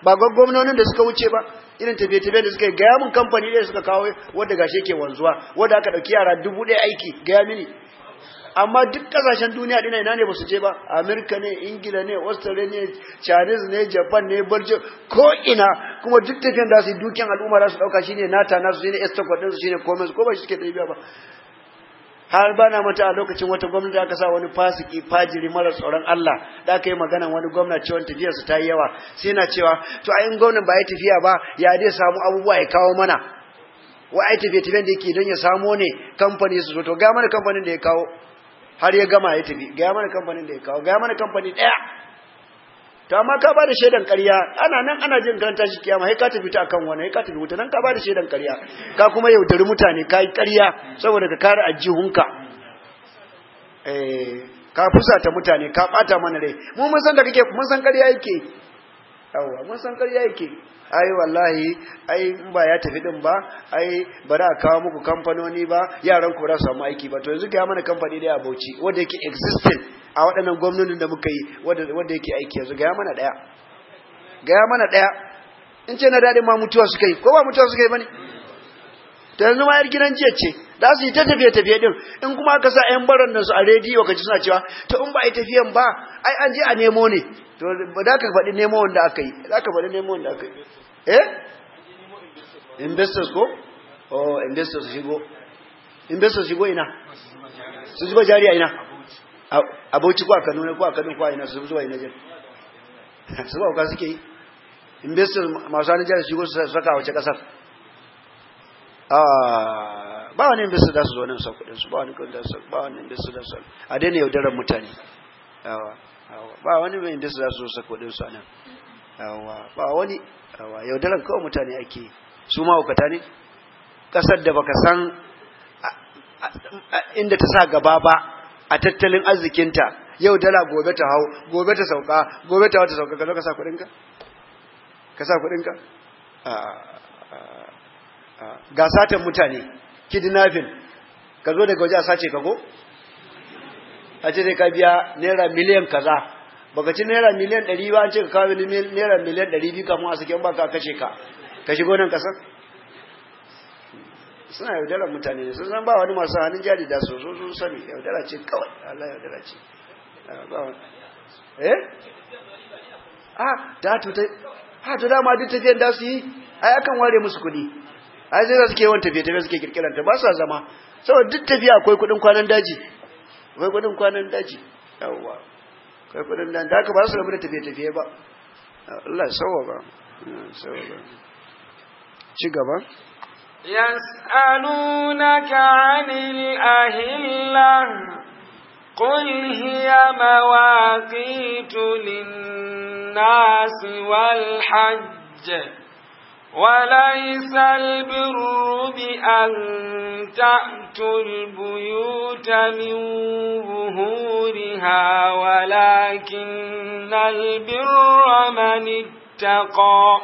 ba ga gwamnonin da suka wuce ba irin tafiye-tafiye da suka yi gaya mun kamfani ne suka kawo wadda gashe ke wanzuwa wadda aka ɗauki yara dubu ɗaya aiki gaya mini amma duk kasashen duniya dina ina ne ba su je ba Amurka ne ingila ne australia ne chinese ne japan ne belgium ko ina kuma duk tafiyan da su yi dukiyan al'umma za su dauka shine nata nasu shine estocot din su shine komai ko ba shi suke tafiya ba har bana mata a lokacin wata gwamnati aka sa wani fasiki fajiri mara tsoron Allah da aka yi magana wani gwamna cewa tafiyarsa ta yi yawa sai na cewa to a yin gwamnan ba ya tafiya ba ya dai samu abubuwa ya kawo mana Wa ai tafiye tafiya da yake don ya samu ne kamfani su to ga mana kamfanin da ya kawo har ya gama ya tafi ga mana kamfanin da ya kawo ga mana kamfani daya ta ma ka bada shaidan ƙarya ana nan ana jin karanta shi kiyama sai ka tafi ta akan wani sai ka tafi wuta nan ka bada shaidan ƙarya ka kuma yaudari mutane ka yi ƙarya saboda ka kare ajihunka eh ka fusata mutane ka bata mana rai mu mun san da kake mun san ƙarya yake yawa mun san ƙarya yake ai wallahi ai in ba ya tafi din ba ai ba da kawo muku kamfanoni ba yaran ku za su samu aiki ba to yanzu ga mana kamfani da ya bauchi wanda yake existing a waɗannan gwamnonin da muka yi wanda yake aiki yanzu ga mana daya ga mana daya in ce na dadin ma mutuwa suka yi ko ba mutuwa suka yi bane to yanzu ma yar gidan jiya ce da su yi ta tafiye-tafiye din in kuma aka sa 'yan baran nan su a rediyo kaji suna cewa to in ba a yi tafiyan ba ai an je a nemo ne to ba da ka faɗi nemo wanda aka yi za ka faɗi nemo wanda aka yi eh investors ko oh investors shigo investors shigo ina su zuba jari a ina a ko a kano ne ko a kano ko a ina su zuba ina jari su ba kuka suke yi investors masu hannun jari shigo su saka a wace kasar ah. ba wani su za su zo nan sa kudin su ba wani inda su ba wani investor da su a daina yaudarar mutane yawa ba wani inda su za su zo sa kudin su nan yawa ba wani yaudarar kawai mutane ake su ma hukata ne kasar da baka san inda ta sa gaba ba a tattalin arzikinta yau dala gobe ta hau gobe ta sauka gobe ta wata sauka ka zo ka sa ka sa kudinka ga satan mutane kidnapping ka zo daga waje a sace ka go a ce dai ka biya naira miliyan kaza baka ci naira miliyan 100 ba an ce ka kawo naira miliyan 200 kamun a sake ba ka kashe ka ka shigo nan kasar suna yaudara mutane ne sun san ba wani masu hannun jari da so sun sani yaudara ce kawai Allah yaudara ce ah, eh ah da to ta ha ah, to ma duk tafiyan da su yi ai akan ware musu kuɗi ai sai suke yawan tafiye tafiye suke kirkiranta ba sa zama saboda duk tafiya akwai kudin kwanan daji akwai kudin kwanan daji yawwa akwai kudin da haka ba su rabu da tafiye tafiye ba Allah sawa ba sawa ba ci gaba yas'alunaka 'anil ahillah قل هي مواقيت للناس والحج وليس البر بأن تأتوا البيوت من ظهورها ولكن البر من اتقى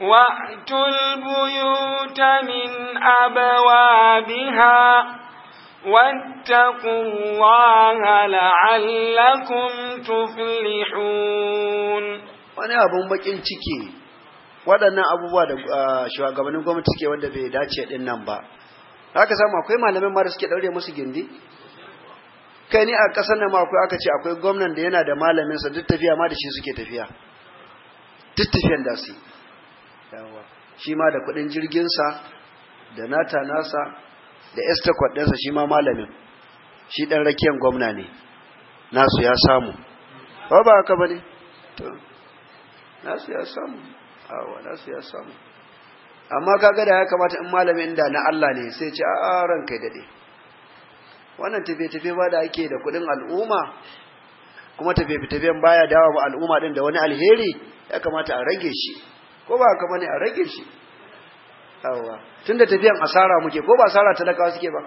وأتوا البيوت من أبوابها واتقوا الله لعلكم تفلحون wani abun bakin ciki waɗannan abubuwa da ah, shugabannin gwamnati suke wanda bai dace din nan ba haka samu akwai malamin mara da suke daure musu gindi kai ni a ƙasar nan akwai aka ce akwai gwamnan da yana da malamin sa duk tafiya ma da shi suke tafiya duk tafiyan da su shi ma da kuɗin jirgin sa da nata nasa da extra ɗinsa shi ma malamin shi ɗan rakiyan gwamna ne nasu ya samu ba ba haka ba ne nasu ya samu wala su ya samu amma kaga da ya kamata in malamin da na Allah ne sai ce a ran kai dade wannan tafiye-tafiye ba da ake da kudin al'umma kuma tafiye tafi baya dawo al'umma din da wani alheri ya kamata a rage shi ko ba haka bane a rage shi yawa tunda tafiyan asara muke ko ba asara talakawa suke ba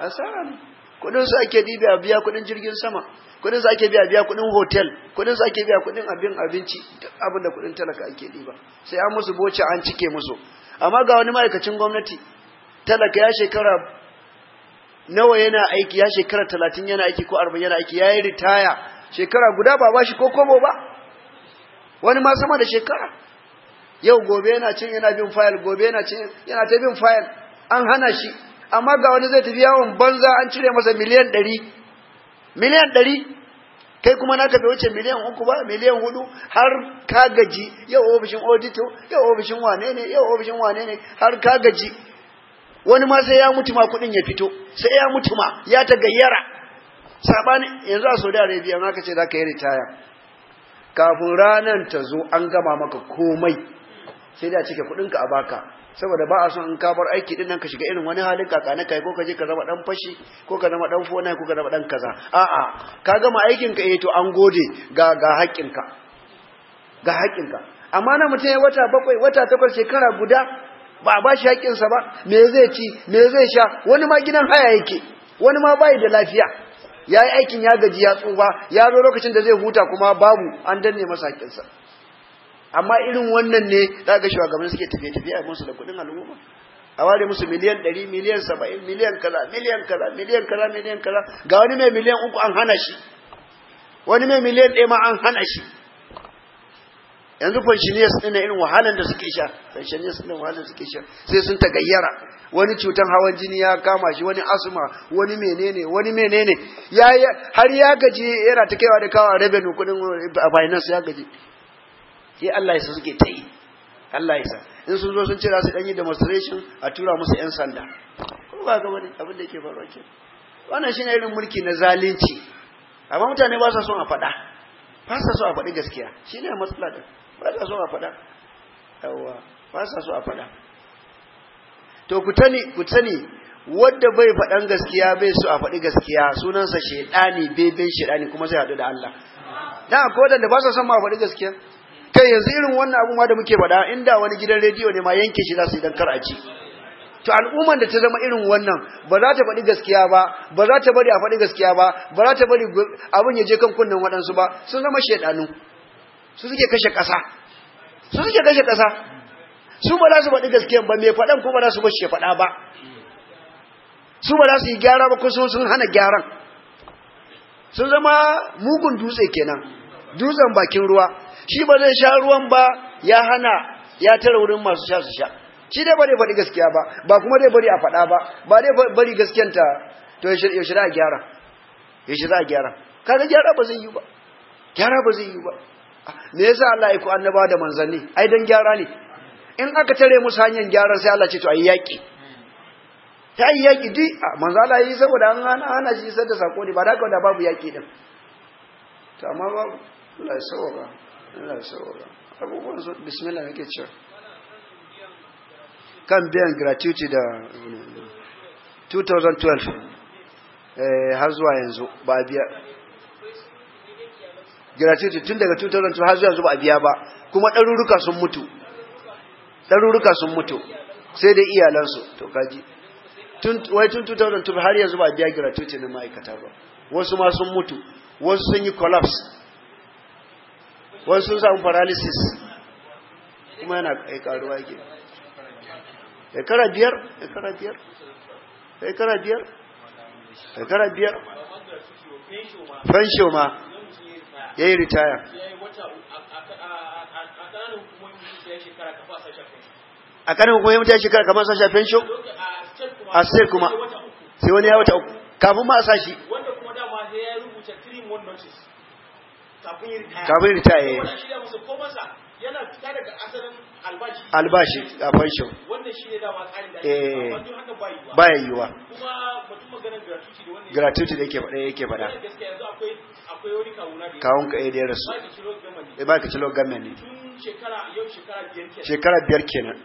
asara ne kudin su ake biya biya kudin jirgin sama kudin su ake biya biya kudin hotel kudin su ake biya kudin abin abinci abin da kudin talaka ake diba sai an musu boce an cike musu amma ga wani ma'aikacin gwamnati talaka ya shekara nawa yana aiki ya shekara talatin yana aiki ko arba'in yana aiki ya yi ritaya shekara guda ba ba shi ko kobo ba wani ma sama da shekara yau gobe yana cin yana bin fayil gobe yana cin yana ta bin fayil an hana shi amma ga wani zai tafi yawon banza an cire masa miliyan ɗari miliyan ɗari kai kuma naka bai wuce miliyan uku ba miliyan hudu har ka gaji yau ofishin audito yau ofishin wane ne yau ofishin wane ne har ka gaji wani ma sai ya mutu ma kuɗin ya fito sai ya mutu ma ya ta gayyara sabani yanzu a saudi arabia naka ce za ka yi ritaya kafin ranar ta zo an gama maka komai sai da cike kuɗinka a baka saboda ba a son in ka bar aiki din nan ka shiga irin wani halin kaka na kai ko ka je ka zama dan fashi ko ka zama dan fona ko ka zama dan kaza a'a ka gama aikin ka eh to an gode ga ga haƙƙin ka ga haƙƙin ka amma na mutum ya wata bakwai wata takwas shekara guda ba a bashi haƙƙin sa ba me zai ci me zai sha wani ma gidan haya yake wani ma bai da lafiya yayi aikin ya gaji ya tsufa ya zo lokacin da zai huta kuma babu an danne masa haƙƙin sa amma irin wannan ne za ga shugabanni suke tafiye-tafiye a musu da kuɗin al'umma a ware musu miliyan ɗari miliyan saba'in miliyan kaza miliyan kaza miliyan kaza miliyan kaza ga wani mai miliyan uku an hana shi wani mai miliyan ɗaya ma an hana shi yanzu su ne irin wahalar da suke sha su ne wahalar da suke sha sai sun ta gayyara wani cutar hawan jini ya kama shi wani asma wani menene wani menene har ya gaji yana ta kaiwa da kawo a revenue kuɗin uh, finance ya gaji sai Allah ya sa suke ta yi Allah ya sa in sun zo sun cira su su yi demonstration a tura musu 'yan sanda ko ba ga wani abin da yake faruwa ke wannan shine irin mulki na zalunci amma mutane ba sa son a faɗa ba sa so a faɗi gaskiya shine matsala da, ba sa so a faɗa yawa ba sa so a faɗa to ku tani ku tani wanda bai faɗan gaskiya bai so a faɗi gaskiya sunansa shedani beben shedani kuma zai haɗu da Allah dan akwai da ba sa son ma a faɗi gaskiya sai yanzu irin wannan abubuwa da muke faɗa inda wani gidan rediyo ne ma yanke shi za su yi kar a ci to al'ummar da ta zama irin wannan ba za ta faɗi gaskiya ba ba za ta bari a faɗi gaskiya ba ba za ta bari abin ya je kan kunnen waɗansu ba sun zama shaidanu su suke kashe ƙasa su suke kashe ƙasa su ba za su faɗi gaskiya ba mai faɗan ko ba za su bar shi faɗa ba su ba za su yi gyara ba ko sun hana gyaran sun zama mugun dutse kenan dutsen bakin ruwa shi ba zai sha ruwan ba ya hana ya tara wurin masu sha su sha shi dai ba dai bari gaskiya ba ba kuma dai bari a faɗa ba ba dai bari gaskiyanta to yaushe za a gyara yaushe za a gyara kaga gyara ba zai yi ba gyara ba zai yi ba me yasa Allah ya ku annaba da manzanni ai dan gyara ne in aka tare musu hanyar gyaran sai Allah ce to ayi yaki ta yi yaki di manzo Allah yi saboda an hana hana shi sai da sako ne ba da ka da babu yaki din to amma babu Allah ya saboda Allah abubuwan su bismillah kan biyan gratuity da 2012 eh har zuwa yanzu ba a biya gratuity tun daga 2012 har zuwa yanzu ba a biya ba kuma ɗaruruka sun mutu ɗaruruka sun mutu sai dai iyalansu to kaji wai tun 2012 har yanzu ba a biya gratuity na ma'aikata ba wasu ma sun mutu wasu sun yi collapse wasu sun samu paralysis kuma yana karuwa ke shekara biyar shekara biyar shekara biyar shekara biyar fansho ma ya yi ritaya a kanin mutu ya shekara kamar sashen fensho a state kuma sai wani ya wata uku kafin ma a sashi wanda kuma dama sai ya rubuta kafin ritaya eh. yana fita daga asalin albashi albashi a fashion wannan shine dama tsarin da eh. ba kuma mutum maganar gratuity da wannan gratuity da yake yake eh, da ya rasu ba ka cilo gamen ne shekara biyar kenan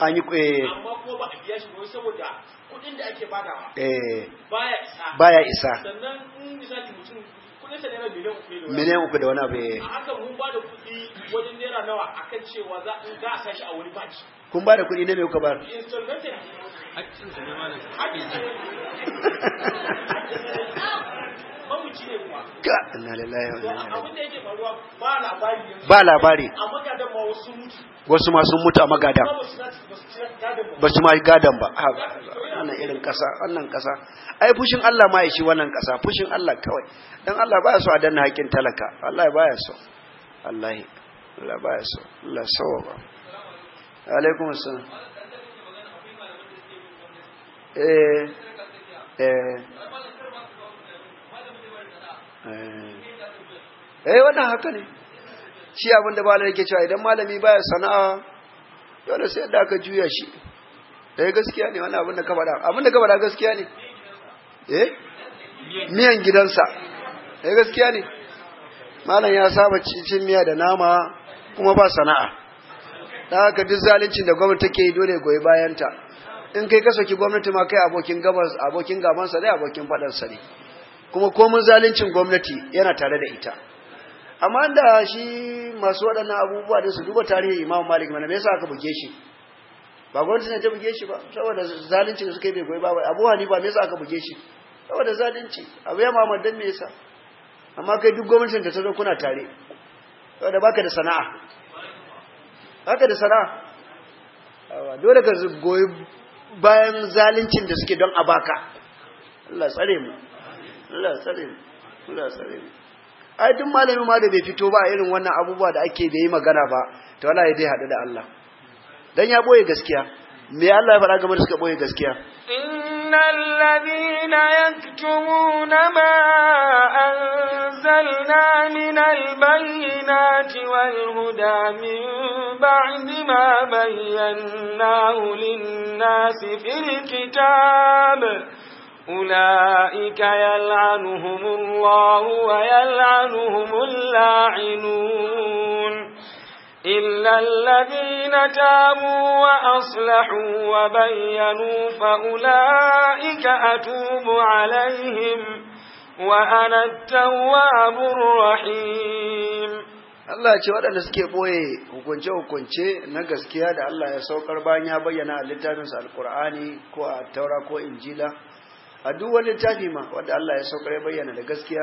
an yi amma kuma ba a biya shi ba saboda da ake isa baya isa sannan in misali mutum kudinta naira miliyan uku ne miliyan uku da wani abu eh. haka ba da wajen naira nawa cewa a a wani kun ba da kuɗi ne mai ba mamuci ne ba labari a wasu ma sun mutu a magadan ba su ma gadan ba wannan irin kasa wannan kasa ai fushin Allah ma ya shi wannan kasa fushin Allah kawai dan Allah ya so a danna haƙƙin talaka so so Allah eh eh Eh. eh wannan haka ne shi abin da da yake cewa idan malami baya sana'a dole sai da aka juya shi eh gaskiya ne wannan abin da ka faɗa abin da ka faɗa gaskiya ne eh miyan gidansa eh gaskiya ne malam ya saba cin miya da nama kuma ba sana'a da haka duk zaluncin da gwamnati take yi dole goyi bayanta in kai ka soki gwamnati ma kai abokin gabas abokin gabansa dai abokin faɗansa ne kuma komin zaluncin gwamnati yana tare da ita amma da shi masu waɗannan abubuwa da su duba tarihin imam malik mana me yasa aka buge shi ba gwamnati ne ta buge shi ba saboda zalincin suka yi bai goyi ba abu hanifa me yasa aka buge shi saboda zalunci abu ya mamar dan me yasa amma kai duk gwamnatin da ta zo kuna tare saboda baka da sana'a baka da sana'a dole ka goyi bayan zaluncin da suke don a baka Allah tsare mu Allah tsare mu Allah tsare mu ai duk malamin ma da bai fito ba irin wannan abubuwa da ake da yi magana ba to wallahi dai hadu da Allah dan ya boye gaskiya me Allah ya fara game suka boye gaskiya innal ladina yaktumuna ma anzalna minal bayyinati wal huda min ba'di ma bayyana, lin-nasi fil kitab أولئك يلعنهم الله ويلعنهم اللاعنون إلا الذين تابوا وأصلحوا وبينوا فأولئك أتوب عليهم وأنا التواب الرحيم Allah ce waɗanda suke ɓoye hukunce-hukunce na gaskiya da Allah ya saukar bayan ya bayyana a littafinsa Alƙur'ani ko a taura ko injila a duk wani littafi ma wanda Allah ya saukar ya bayyana da gaskiya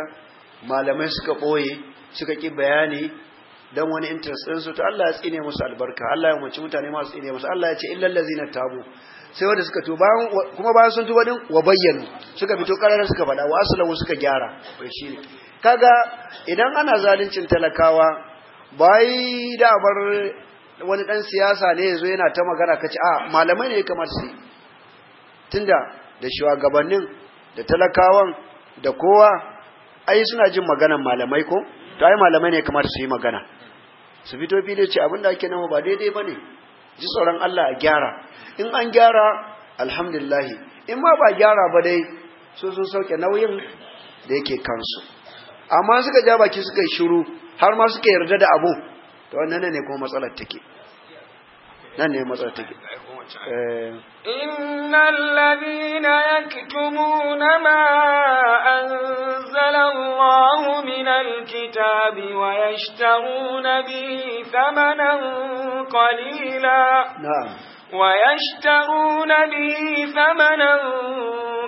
malamai suka ɓoye suka ƙi bayani dan wani interest din su to Allah ya tsine musu albarka Allah ya mace mutane masu tsine musu Allah ya ce illal ladzina tabu sai wanda suka tuba kuma bayan sun tuba din wa bayyana suka fito karara suka faɗa wa asalahu suka gyara to shine kaga idan ana zaluncin talakawa bai da bar wani dan siyasa ne yazo yana ta magana kace a ah, malamai ne kamar su tunda da shugabannin da talakawan da kowa ai suna jin maganan malamai ko to ai malamai ne kamar su yi magana su fito fili ce abinda ake nawa ba daidai ba ne ji tsoron Allah a gyara in an gyara alhamdulillah in ma ba gyara ba dai su sun sauke nauyin da yake kansu amma suka ja baki suka yi shiru har ma suka yarda da abu to wannan ne kuma matsalar take nan ne matsalar take إيه. إن الذين يكتمون ما أنزل الله من الكتاب ويشترون به ثمنا قليلا نعم ويشترون به ثمنا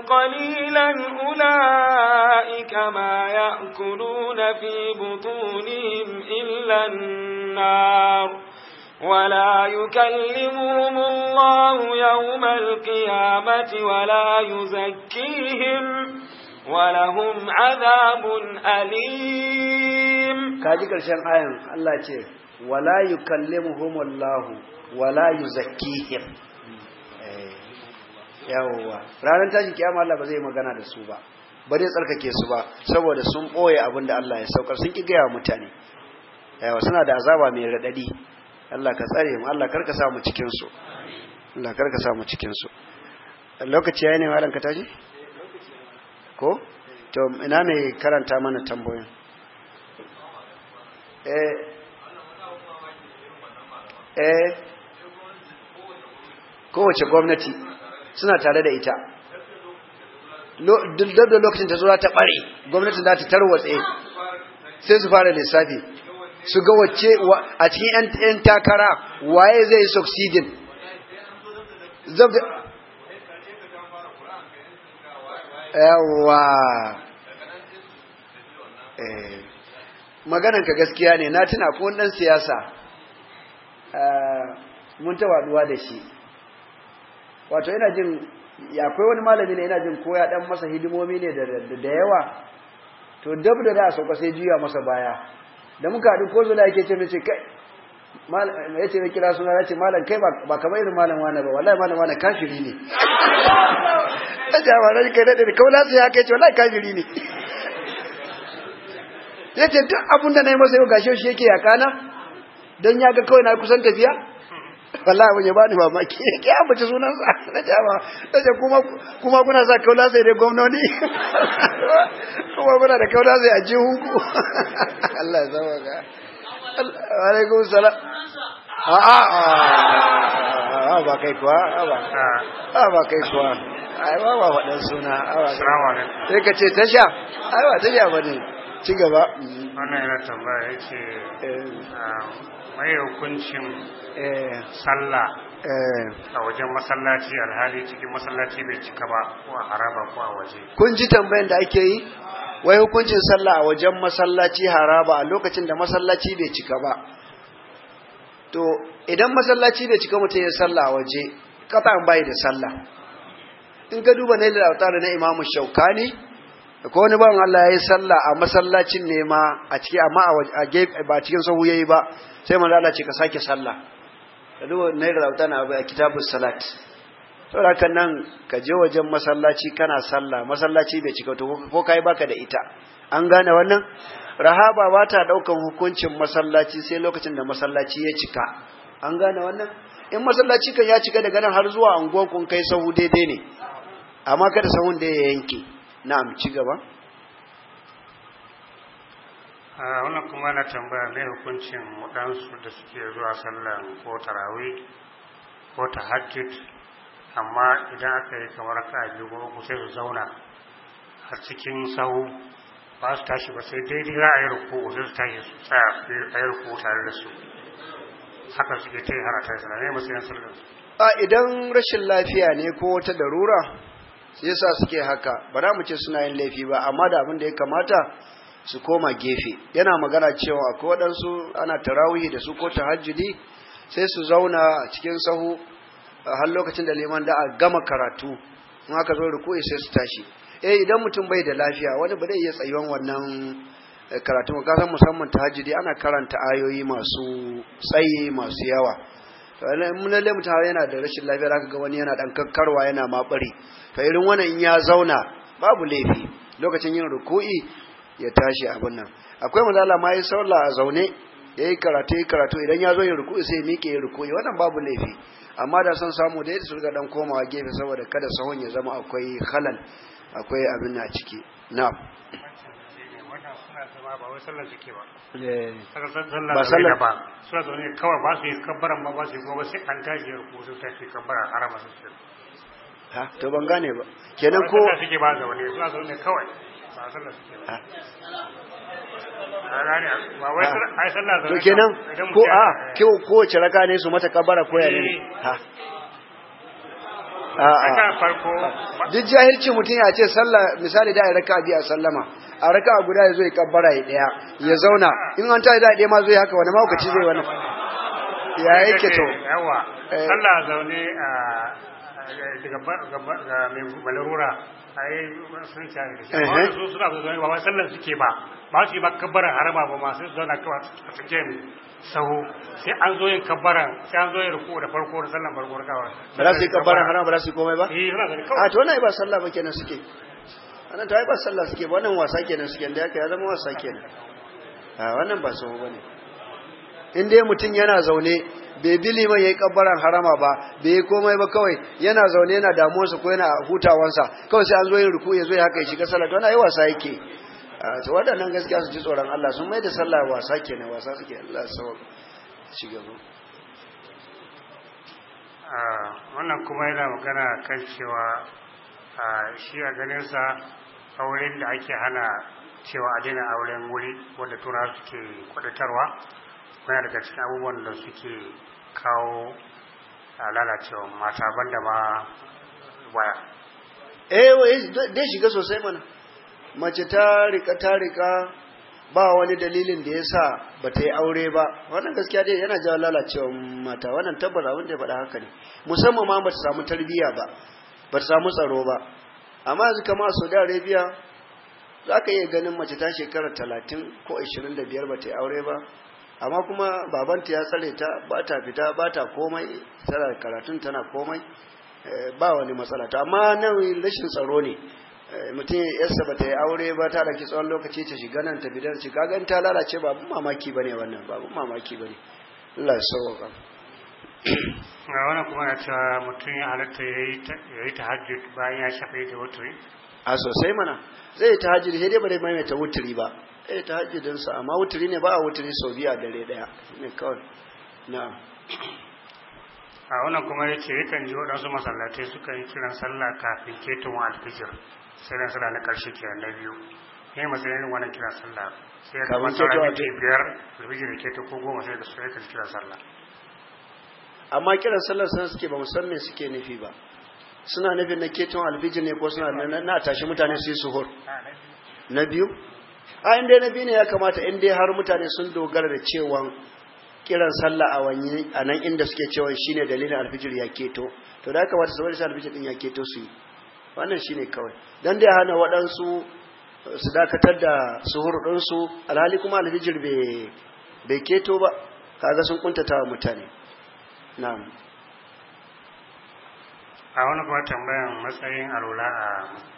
قليلا أولئك ما يأكلون في بطونهم إلا النار ولا يكلمهم الله يوم القيامة ولا يزكيهم ولهم عذاب أليم كاجي كرشان آيان الله يقول ولا يكلمهم الله ولا يزكيهم yawwa ranar tashin kiyama Allah ba zai magana da su ba ba tsarkake su ba saboda sun boye abin da Allah ya saukar sun ki gaya mutane yawa suna da azaba mai radadi Allah ka tsare mu Allah karka sa mu cikin su Allah karka sa mu cikin su lokaci yayi ne malam ka tashi ko to ina ne karanta mana tambayoyin eh eh kowace gwamnati suna tare da ita duk da lokacin da zuwa ta bare gwamnatin za ta tarwatse sai su fara lissafi su ga wacce a cikin ‘yan takara waye zai succeeding yawa eh, maganarka gaskiya ne na tuna ko ɗan siyasa eh, mun ta waduwa da shi wato ina jin ya akwai wani malami ne ina jin koya ɗan masa hidimomi ne da yawa to dab da da a sauka sai juya masa baya da muka haɗu ko zula yake ce ce kai ya ce mai kira suna ya ce malam kai ba kamar irin malam wane ba wallahi malam wane kafiri ne ta jama na kai daɗe da kaula su ya kai ce wallahi kafiri ne ya ce duk abin da na yi masa yau gashe shi yake yakana don ya ga kawai na kusan tafiya wallahi abin ya bani ba yake ya ambaci sunansa na jama ta ce kuma kuna sa kaula sai dai gwamnoni kuma muna da kauna zai aje hunku Allah ya zama ka alaikum salam a a a ba kai kuwa a ba kai kuwa ai ba ba wadan suna a ba sai ka ce tasha ai ba tasha bane ci gaba wannan yana tambaya yace eh. ah, mai hukuncin eh. sallah Eh. a wajen masallaci alhali cikin masallaci bai cika ba ko a haraba ko a waje kun ji tambayan da ake yi wai hukuncin sallah a wajen masallaci haraba a lokacin da masallaci bai cika ba to idan masallaci bai cika mutum ya sallah a waje an bai da sallah in ka duba na lautar na imamu shaukani ko wani ban Allah ya yi sallah a masallacin ne ma a ciki amma a ba cikin sahu yayi ba sai manzo Allah ce ka sake sallah duba na rauta na abu a kitabun salat saboda haka nan ka je wajen masallaci kana sallah masallaci bai cika ko kai baka da ita an gane wannan rahaba ba ta ɗaukan hukuncin masallaci sai lokacin da masallaci ya cika an gane wannan in masallaci kan ya cika daga nan har zuwa anguwan kun kai sahu daidai ne amma kada sahun da ya yanke na'am ci gaba wannan kuma na tambaya mai hukuncin waɗansu da suke zuwa sallan ko tarawi ko hajjit amma idan aka yi kamar ka biyu ko sai su zauna a cikin sahu ba su tashi ba sai daidai za a yi ruku sai su tashi su tsaya a yi ruku tare da su haka suke ta yi harata sana ne masu yan sallan a idan rashin lafiya ne ko wata darura sai yasa suke haka ba za mu ce suna yin laifi ba amma da abin da ya kamata su koma gefe yana magana cewa akwai wadansu ana tarawihi da su ko tahajjudi sai su zauna cikin sahu har lokacin da liman da a gama karatu in aka zo ruku'i sai su tashi eh idan mutum bai da lafiya wani ba zai iya tsayuwan wannan eh, karatu ka san musamman tahajjudi ana karanta ayoyi masu tsayi masu yawa to in lalle mutum yana da rashin lafiya zaka ga wani yana dan kakkarwa yana ma bari to irin wannan in ya zauna babu laifi lokacin yin ruku'i ya tashi abin nan akwai mazala ma yi sallah a zaune ya yi karatu ya karatu idan ya zo ya ruku sai miƙe ya ruku wannan babu laifi amma da son samu da yadda su riga dan komawa gefe saboda kada sahun ya zama akwai halal akwai abin na ciki na ba sallar ba suna zaune kawai ba su yi kabbaran ba ba su yi kuma sai an tashi ya ruku su tashi kabbaran harama su to ban gane ba kenan ko ba zaune suna zaune kawai to kenan ko a ko wace raka ne su mata kabara ko yare ha a a duk jahilci mutum ya ce sallah misali da ya raka biya sallama a raka guda ya zo ya kabbara ya daya ya zauna in an tashi da daya ma ya haka wani maukaci zai wani ya yake to yawa sallah zaune a ah, ga eh, mai sun cari da shi amma su suna zo zai ba sallan suke ba ba su yi ba kabbaran haraba ba ma sai su zauna kawai a cikin saho. sai an zo yin kabbaran sai an zo yin ruku da farko da sallan farko da kawai ba za su yi kabbaran haraba ba za su yi komai ba eh suna a to wannan ba sallah ba kenan suke wannan ta ba sallah suke ba wannan wasa kenan suke da yake ya zama wasa kenan a wannan ba sahu bane in dai mutum yana zaune bai bi liman yayi kabbaran harama ba bai yi komai ba kawai yana zaune yana damuwarsa ko yana hutawansa kawai sai an zo yin ruku ya zo ya haka ya shiga sallah to ana yi wasa yake ah, to waɗannan gaskiya su ji tsoron Allah sun mai da sallah wasa kenan wasa suke Allah sau ci gaba ah, wannan kuma yana magana kan cewa ah, shi a ganinsa auren da ake hana cewa a daina auren wuri wanda tura suke kwadatarwa kuna daga cikin abubuwan da suke kawo a ah, lalacewa mata banda ma waya eh dai shiga sosai mana mace ta rika ta rika ba wani dalilin da ya sa ba ta yi aure ba wannan gaskiya dai yana jawo lalacewa mata wannan tabbata abin da ya faɗa haka ne musamman ma ba ta samu tarbiyya ba ba ta samu tsaro ba amma yanzu kama a saudi arabia za ka iya ganin mace ta shekara talatin ko ashirin da biyar ba ta yi aure ba amma kuma babanta ya tsare ta ba ta fita ba ta komai tana karatun tana komai eh, ba wani matsala ta amma nan rashin tsaro ne eh, mutum yarsa ba ta yi aure ba ta raki tsawon lokaci ta shiga nan ta bidan ci kagan ta lalace ba abun mamaki ba ne wannan ba abun mamaki ba ne Allah ya sauwaka ga wani kuma ya cewa mutum ya halatta ya yi ta hajji bayan ya shafe da wuturi a sosai mana zai yi ta hajji sai dai ba dai maimaita wuturi ba eh ta sa amma wuturi ne ba a wuturi sau biya dare daya ne kawai na a wannan kuma ya ce yakan ji waɗansu masallatai suka yi kiran sallah kafin ketun alfijir sai na sallah na ƙarshe ke na biyu ne matsayin wannan kiran sallah sai ya kama sauran minti biyar alfijir da ketun ko goma sai da su yakan kiran sallah amma kiran sallah sun suke ba musamman suke nufi ba suna nufin na ketun alfijir ne ko suna na tashi mutane su yi suhur na biyu a inda na biyu ne ya kamata in dai har mutane sun dogara da cewa kiran sallah a wani a nan inda suke cewa shine dalilin alfijir ya keto to da ya kamata saboda shi alfijir din ya keto su yi wannan shine kawai dan dai hana waɗansu su dakatar da suhur ɗinsu alhali kuma alfijir bai keto ba kaga sun kuntata wa mutane na'am a wani kuma tambayan matsayin alula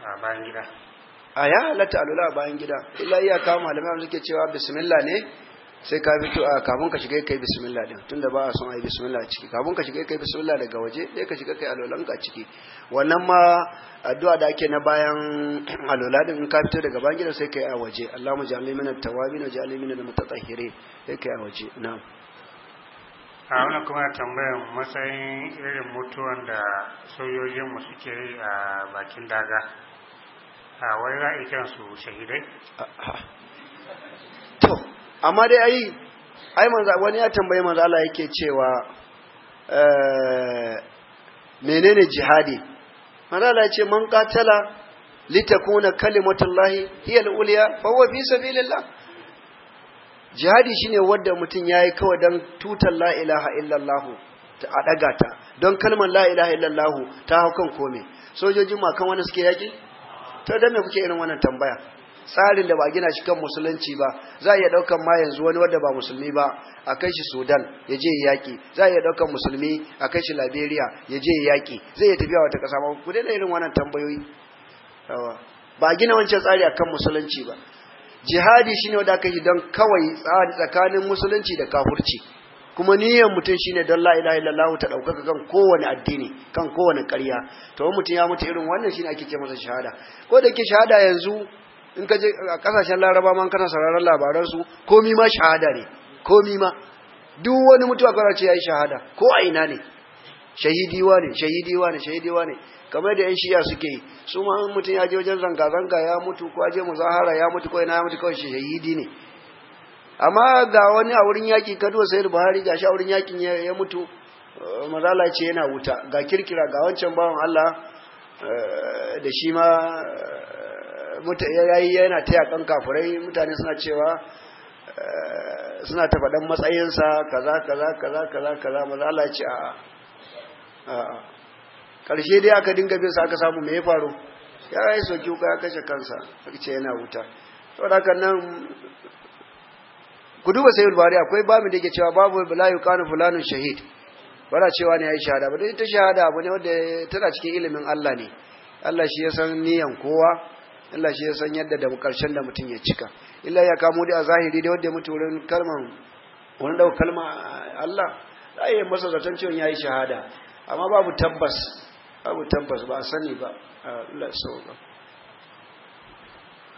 a bayan gida a ya halatta alula a bayan gida illa iya kawo malamai wanda suke cewa bismillah ne sai ka fito a kafin ka shiga kai bismillah din tunda ba a son ai bismillah a ciki kafin ka shiga kai bismillah daga waje sai ka shiga kai alolan ka ciki wannan ma addu'a da ake na bayan alola din in ka fito daga bayan gida sai kai a waje Allahumma ja'alni min at-tawabin wa ja'alni min al-mutatahhirin sai kai a waje na'am a wani kuma tambayan matsayin irin mutuwan da sojojinmu suke yi a bakin daga a za a kiran su shahidai to amma dai ai ai manzo wani ya tambayi manzo Allah yake cewa eh, menene jihadi manzo Allah ya ce man qatala litakuna kalimatullahi hiya al-ulya fa huwa fi sabilillah jihadi shine wanda mutum yayi kawai dan tutar la ilaha illallah a ɗaga ta don kalmar la ilaha illallah ta hau kan kome sojojin kan wani suke yaki to dan me kuke irin wannan tambaya tsarin da ba gina shi kan musulunci ba za a iya daukan ma yanzu wani wanda ba musulmi ba a kai shi sudan ya je yaƙi za a iya daukan musulmi a kai shi liberia ya je yaƙi zai iya tafiya wata ƙasa ba ku daina irin wannan tambayoyi ba gina wancan tsari a kan musulunci ba jihadi shine wanda aka yi don kawai tsakanin musulunci da kafurci kuma niyyar mutum shine don la ilaha illallah ta daukaka kan kowane addini kan kowane ƙarya to mutum ya mutu irin wannan shine ake ce masa shahada ko da ke shahada yanzu in ka je a kasashen laraba man kana sauraron labaran su komi ma shahada ne komi ma duk wani mutuwa akwai ce yayi shahada ko a ina ne shahidi ne shahidi ne shahidi ne kamar da yan shiya suke yi su ma mutum ya je wajen zanga zanga ya mutu ko aje muzahara ya mutu ko ina ya mutu kawai shahidi ne amma ga wani a wurin yaƙi kaduwa sayar buhari ga shi a wurin yaƙin ya mutu eh, mazala ce yana wuta ga kirkira ga wancan bawan allah eh, da shi ma eh, yayi yana ta yakan kafurai mutane suna cewa suna ta faɗan matsayinsa kaza kaza kaza kaza kaza mazala ce a ƙarshe dai aka dinga bin sa aka samu me ya faru ya yi soki ya kashe kansa aka ce yana wuta saboda haka nan ku duba sai bari akwai ba da yake cewa babu la yuqanu fulanun shahid bara cewa ne yayi shahada ba ita shahada abu ne wanda tana cikin ilimin Allah ne Allah shi ya san niyan kowa Allah shi ya san yadda da karshen da mutum ya cika illa ya kamo da a zahiri da wanda mutum mutu wurin kalman wani dau kalma Allah za yi masa zaton cewa yayi shahada amma babu tabbas babu tabbas ba a sani ba Allah ya sauka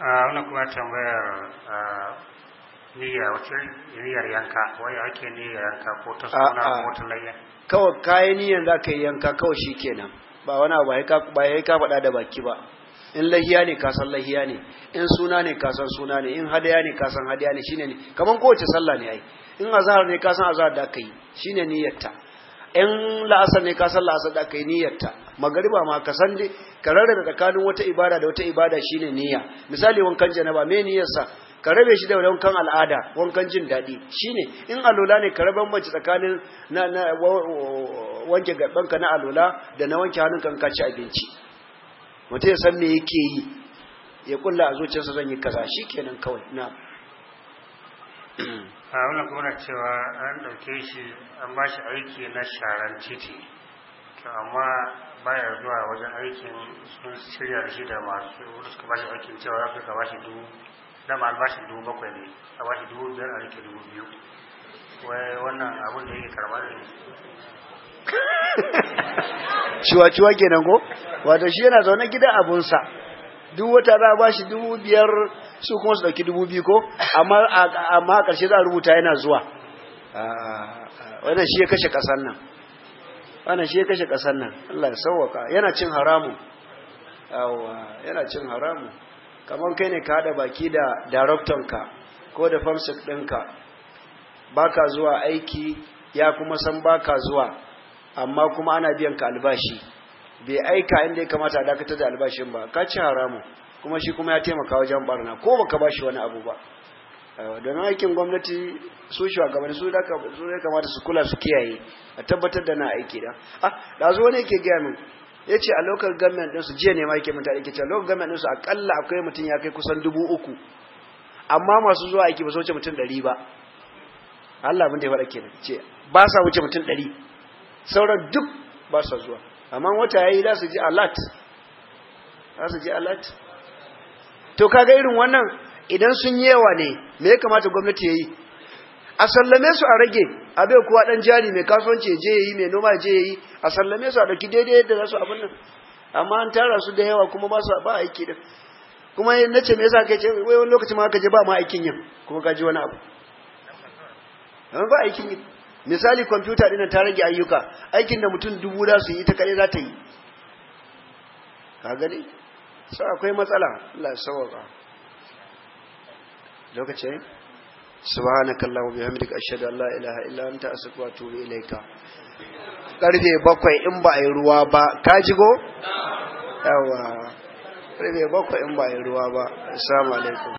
a ah, wannan kuma tambayar ah, niyya wace niyyar yanka wai ake niyyar yanka ko ta suna ko ta layya kawai kayan niyyar za ka yi yanka kawai shi kenan ba wani abu ba ya ka faɗa da baki ba in lahiya ne ka san lahiya ne in suna ne ka san suna ne in hadaya ne ka san hadaya ne shine ne kaman kowace sallah ne ai in azhar ne ka san azhar da kai yi shine niyyarta in la'asar ne ka san la'asar da kai niyyarta magariba ma ka san ka rarrabe tsakanin wata ibada da wata ibada shine niyya misali wankan janaba me niyyarsa ka rabe shi da wankan al'ada wankan jin daɗi shi ne in alola ne ka rabe mace tsakanin na wanke gabanka na alola da na wanke hannun kan ci abinci mutum ya san me yake yi ya kulla a zuciyarsa zan yi kaza kenan kawai na a wani kuma cewa an ɗauke shi an ba shi aiki na sharan titi to amma baya zuwa wajen aikin sun shirya da shi da masu suka ba shi aikin cewa ya fi ka shi dubu dama albashin dubu bakwai ne a bashi dubu biyar a rike dubu biyu wai wannan abun da yake karɓa ne. ciwa-ciwa nan ko wato shi yana zaune gidan abunsa duk wata za a bashi dubu biyar su kuma su ɗauki dubu biyu ko amma a ƙarshe za a rubuta yana zuwa wannan shi ya kashe ƙasar nan wannan shi ya kashe ƙasar nan Allah ya sauwaka yana cin haramu yana cin haramu kamar kai ne ka haɗa baki da daraktanka ko da famsik ɗinka ba ka zuwa aiki ya kuma san ba ka zuwa amma kuma ana biyan ka albashi bai aika inda ya kamata dakatar da albashin ba ka ci haramun kuma shi kuma ya taimaka wajen barna ko baka ba shi wani abu ba domin aikin gwamnati su wa su ya kamata su kula su kiyaye a tabbatar da na aiki da ah ɗazu wani yake gaya min ya ce a local gamen ɗinsu jiya ne ma yake mutane ke cewa local gamen ɗinsu akalla akwai mutum ya kai kusan dubu uku amma masu zuwa aiki ba su wuce mutum ɗari ba Allah abin da ya faɗa kenan ce ba sa wuce mutum ɗari sauran duk ba sa zuwa amma wata yi za su ji alert za su ji alert to kaga irin wannan idan sun yawa ne me ya kamata gwamnati ya yi a sallame su a rage a bai kuwa dan jari mai kasuwanci je yi mai noma je yi a sallame su a ɗauki daidai yadda za su abin nan amma an tara su da yawa kuma ba su ba aiki da kuma na ce me yasa kai ce wai wani lokaci ma ka je ba ma aikin yin kuma ka ji wani abu amma ba aikin yin misali kwamfuta ɗin ta rage ayyuka aikin da mutum dubu za su yi ta kaɗai za ta yi ka gani sai akwai matsala Allah ya sauwaka lokacin سبحانك الله وبحمدك أشهد an la ilaha illa anta astaghfiruka wa atubu ilaika karfe bakwai in ba a yi ruwa ba ka jigo yawa karfe bakwai in ba a yi ruwa ba assalamu alaikum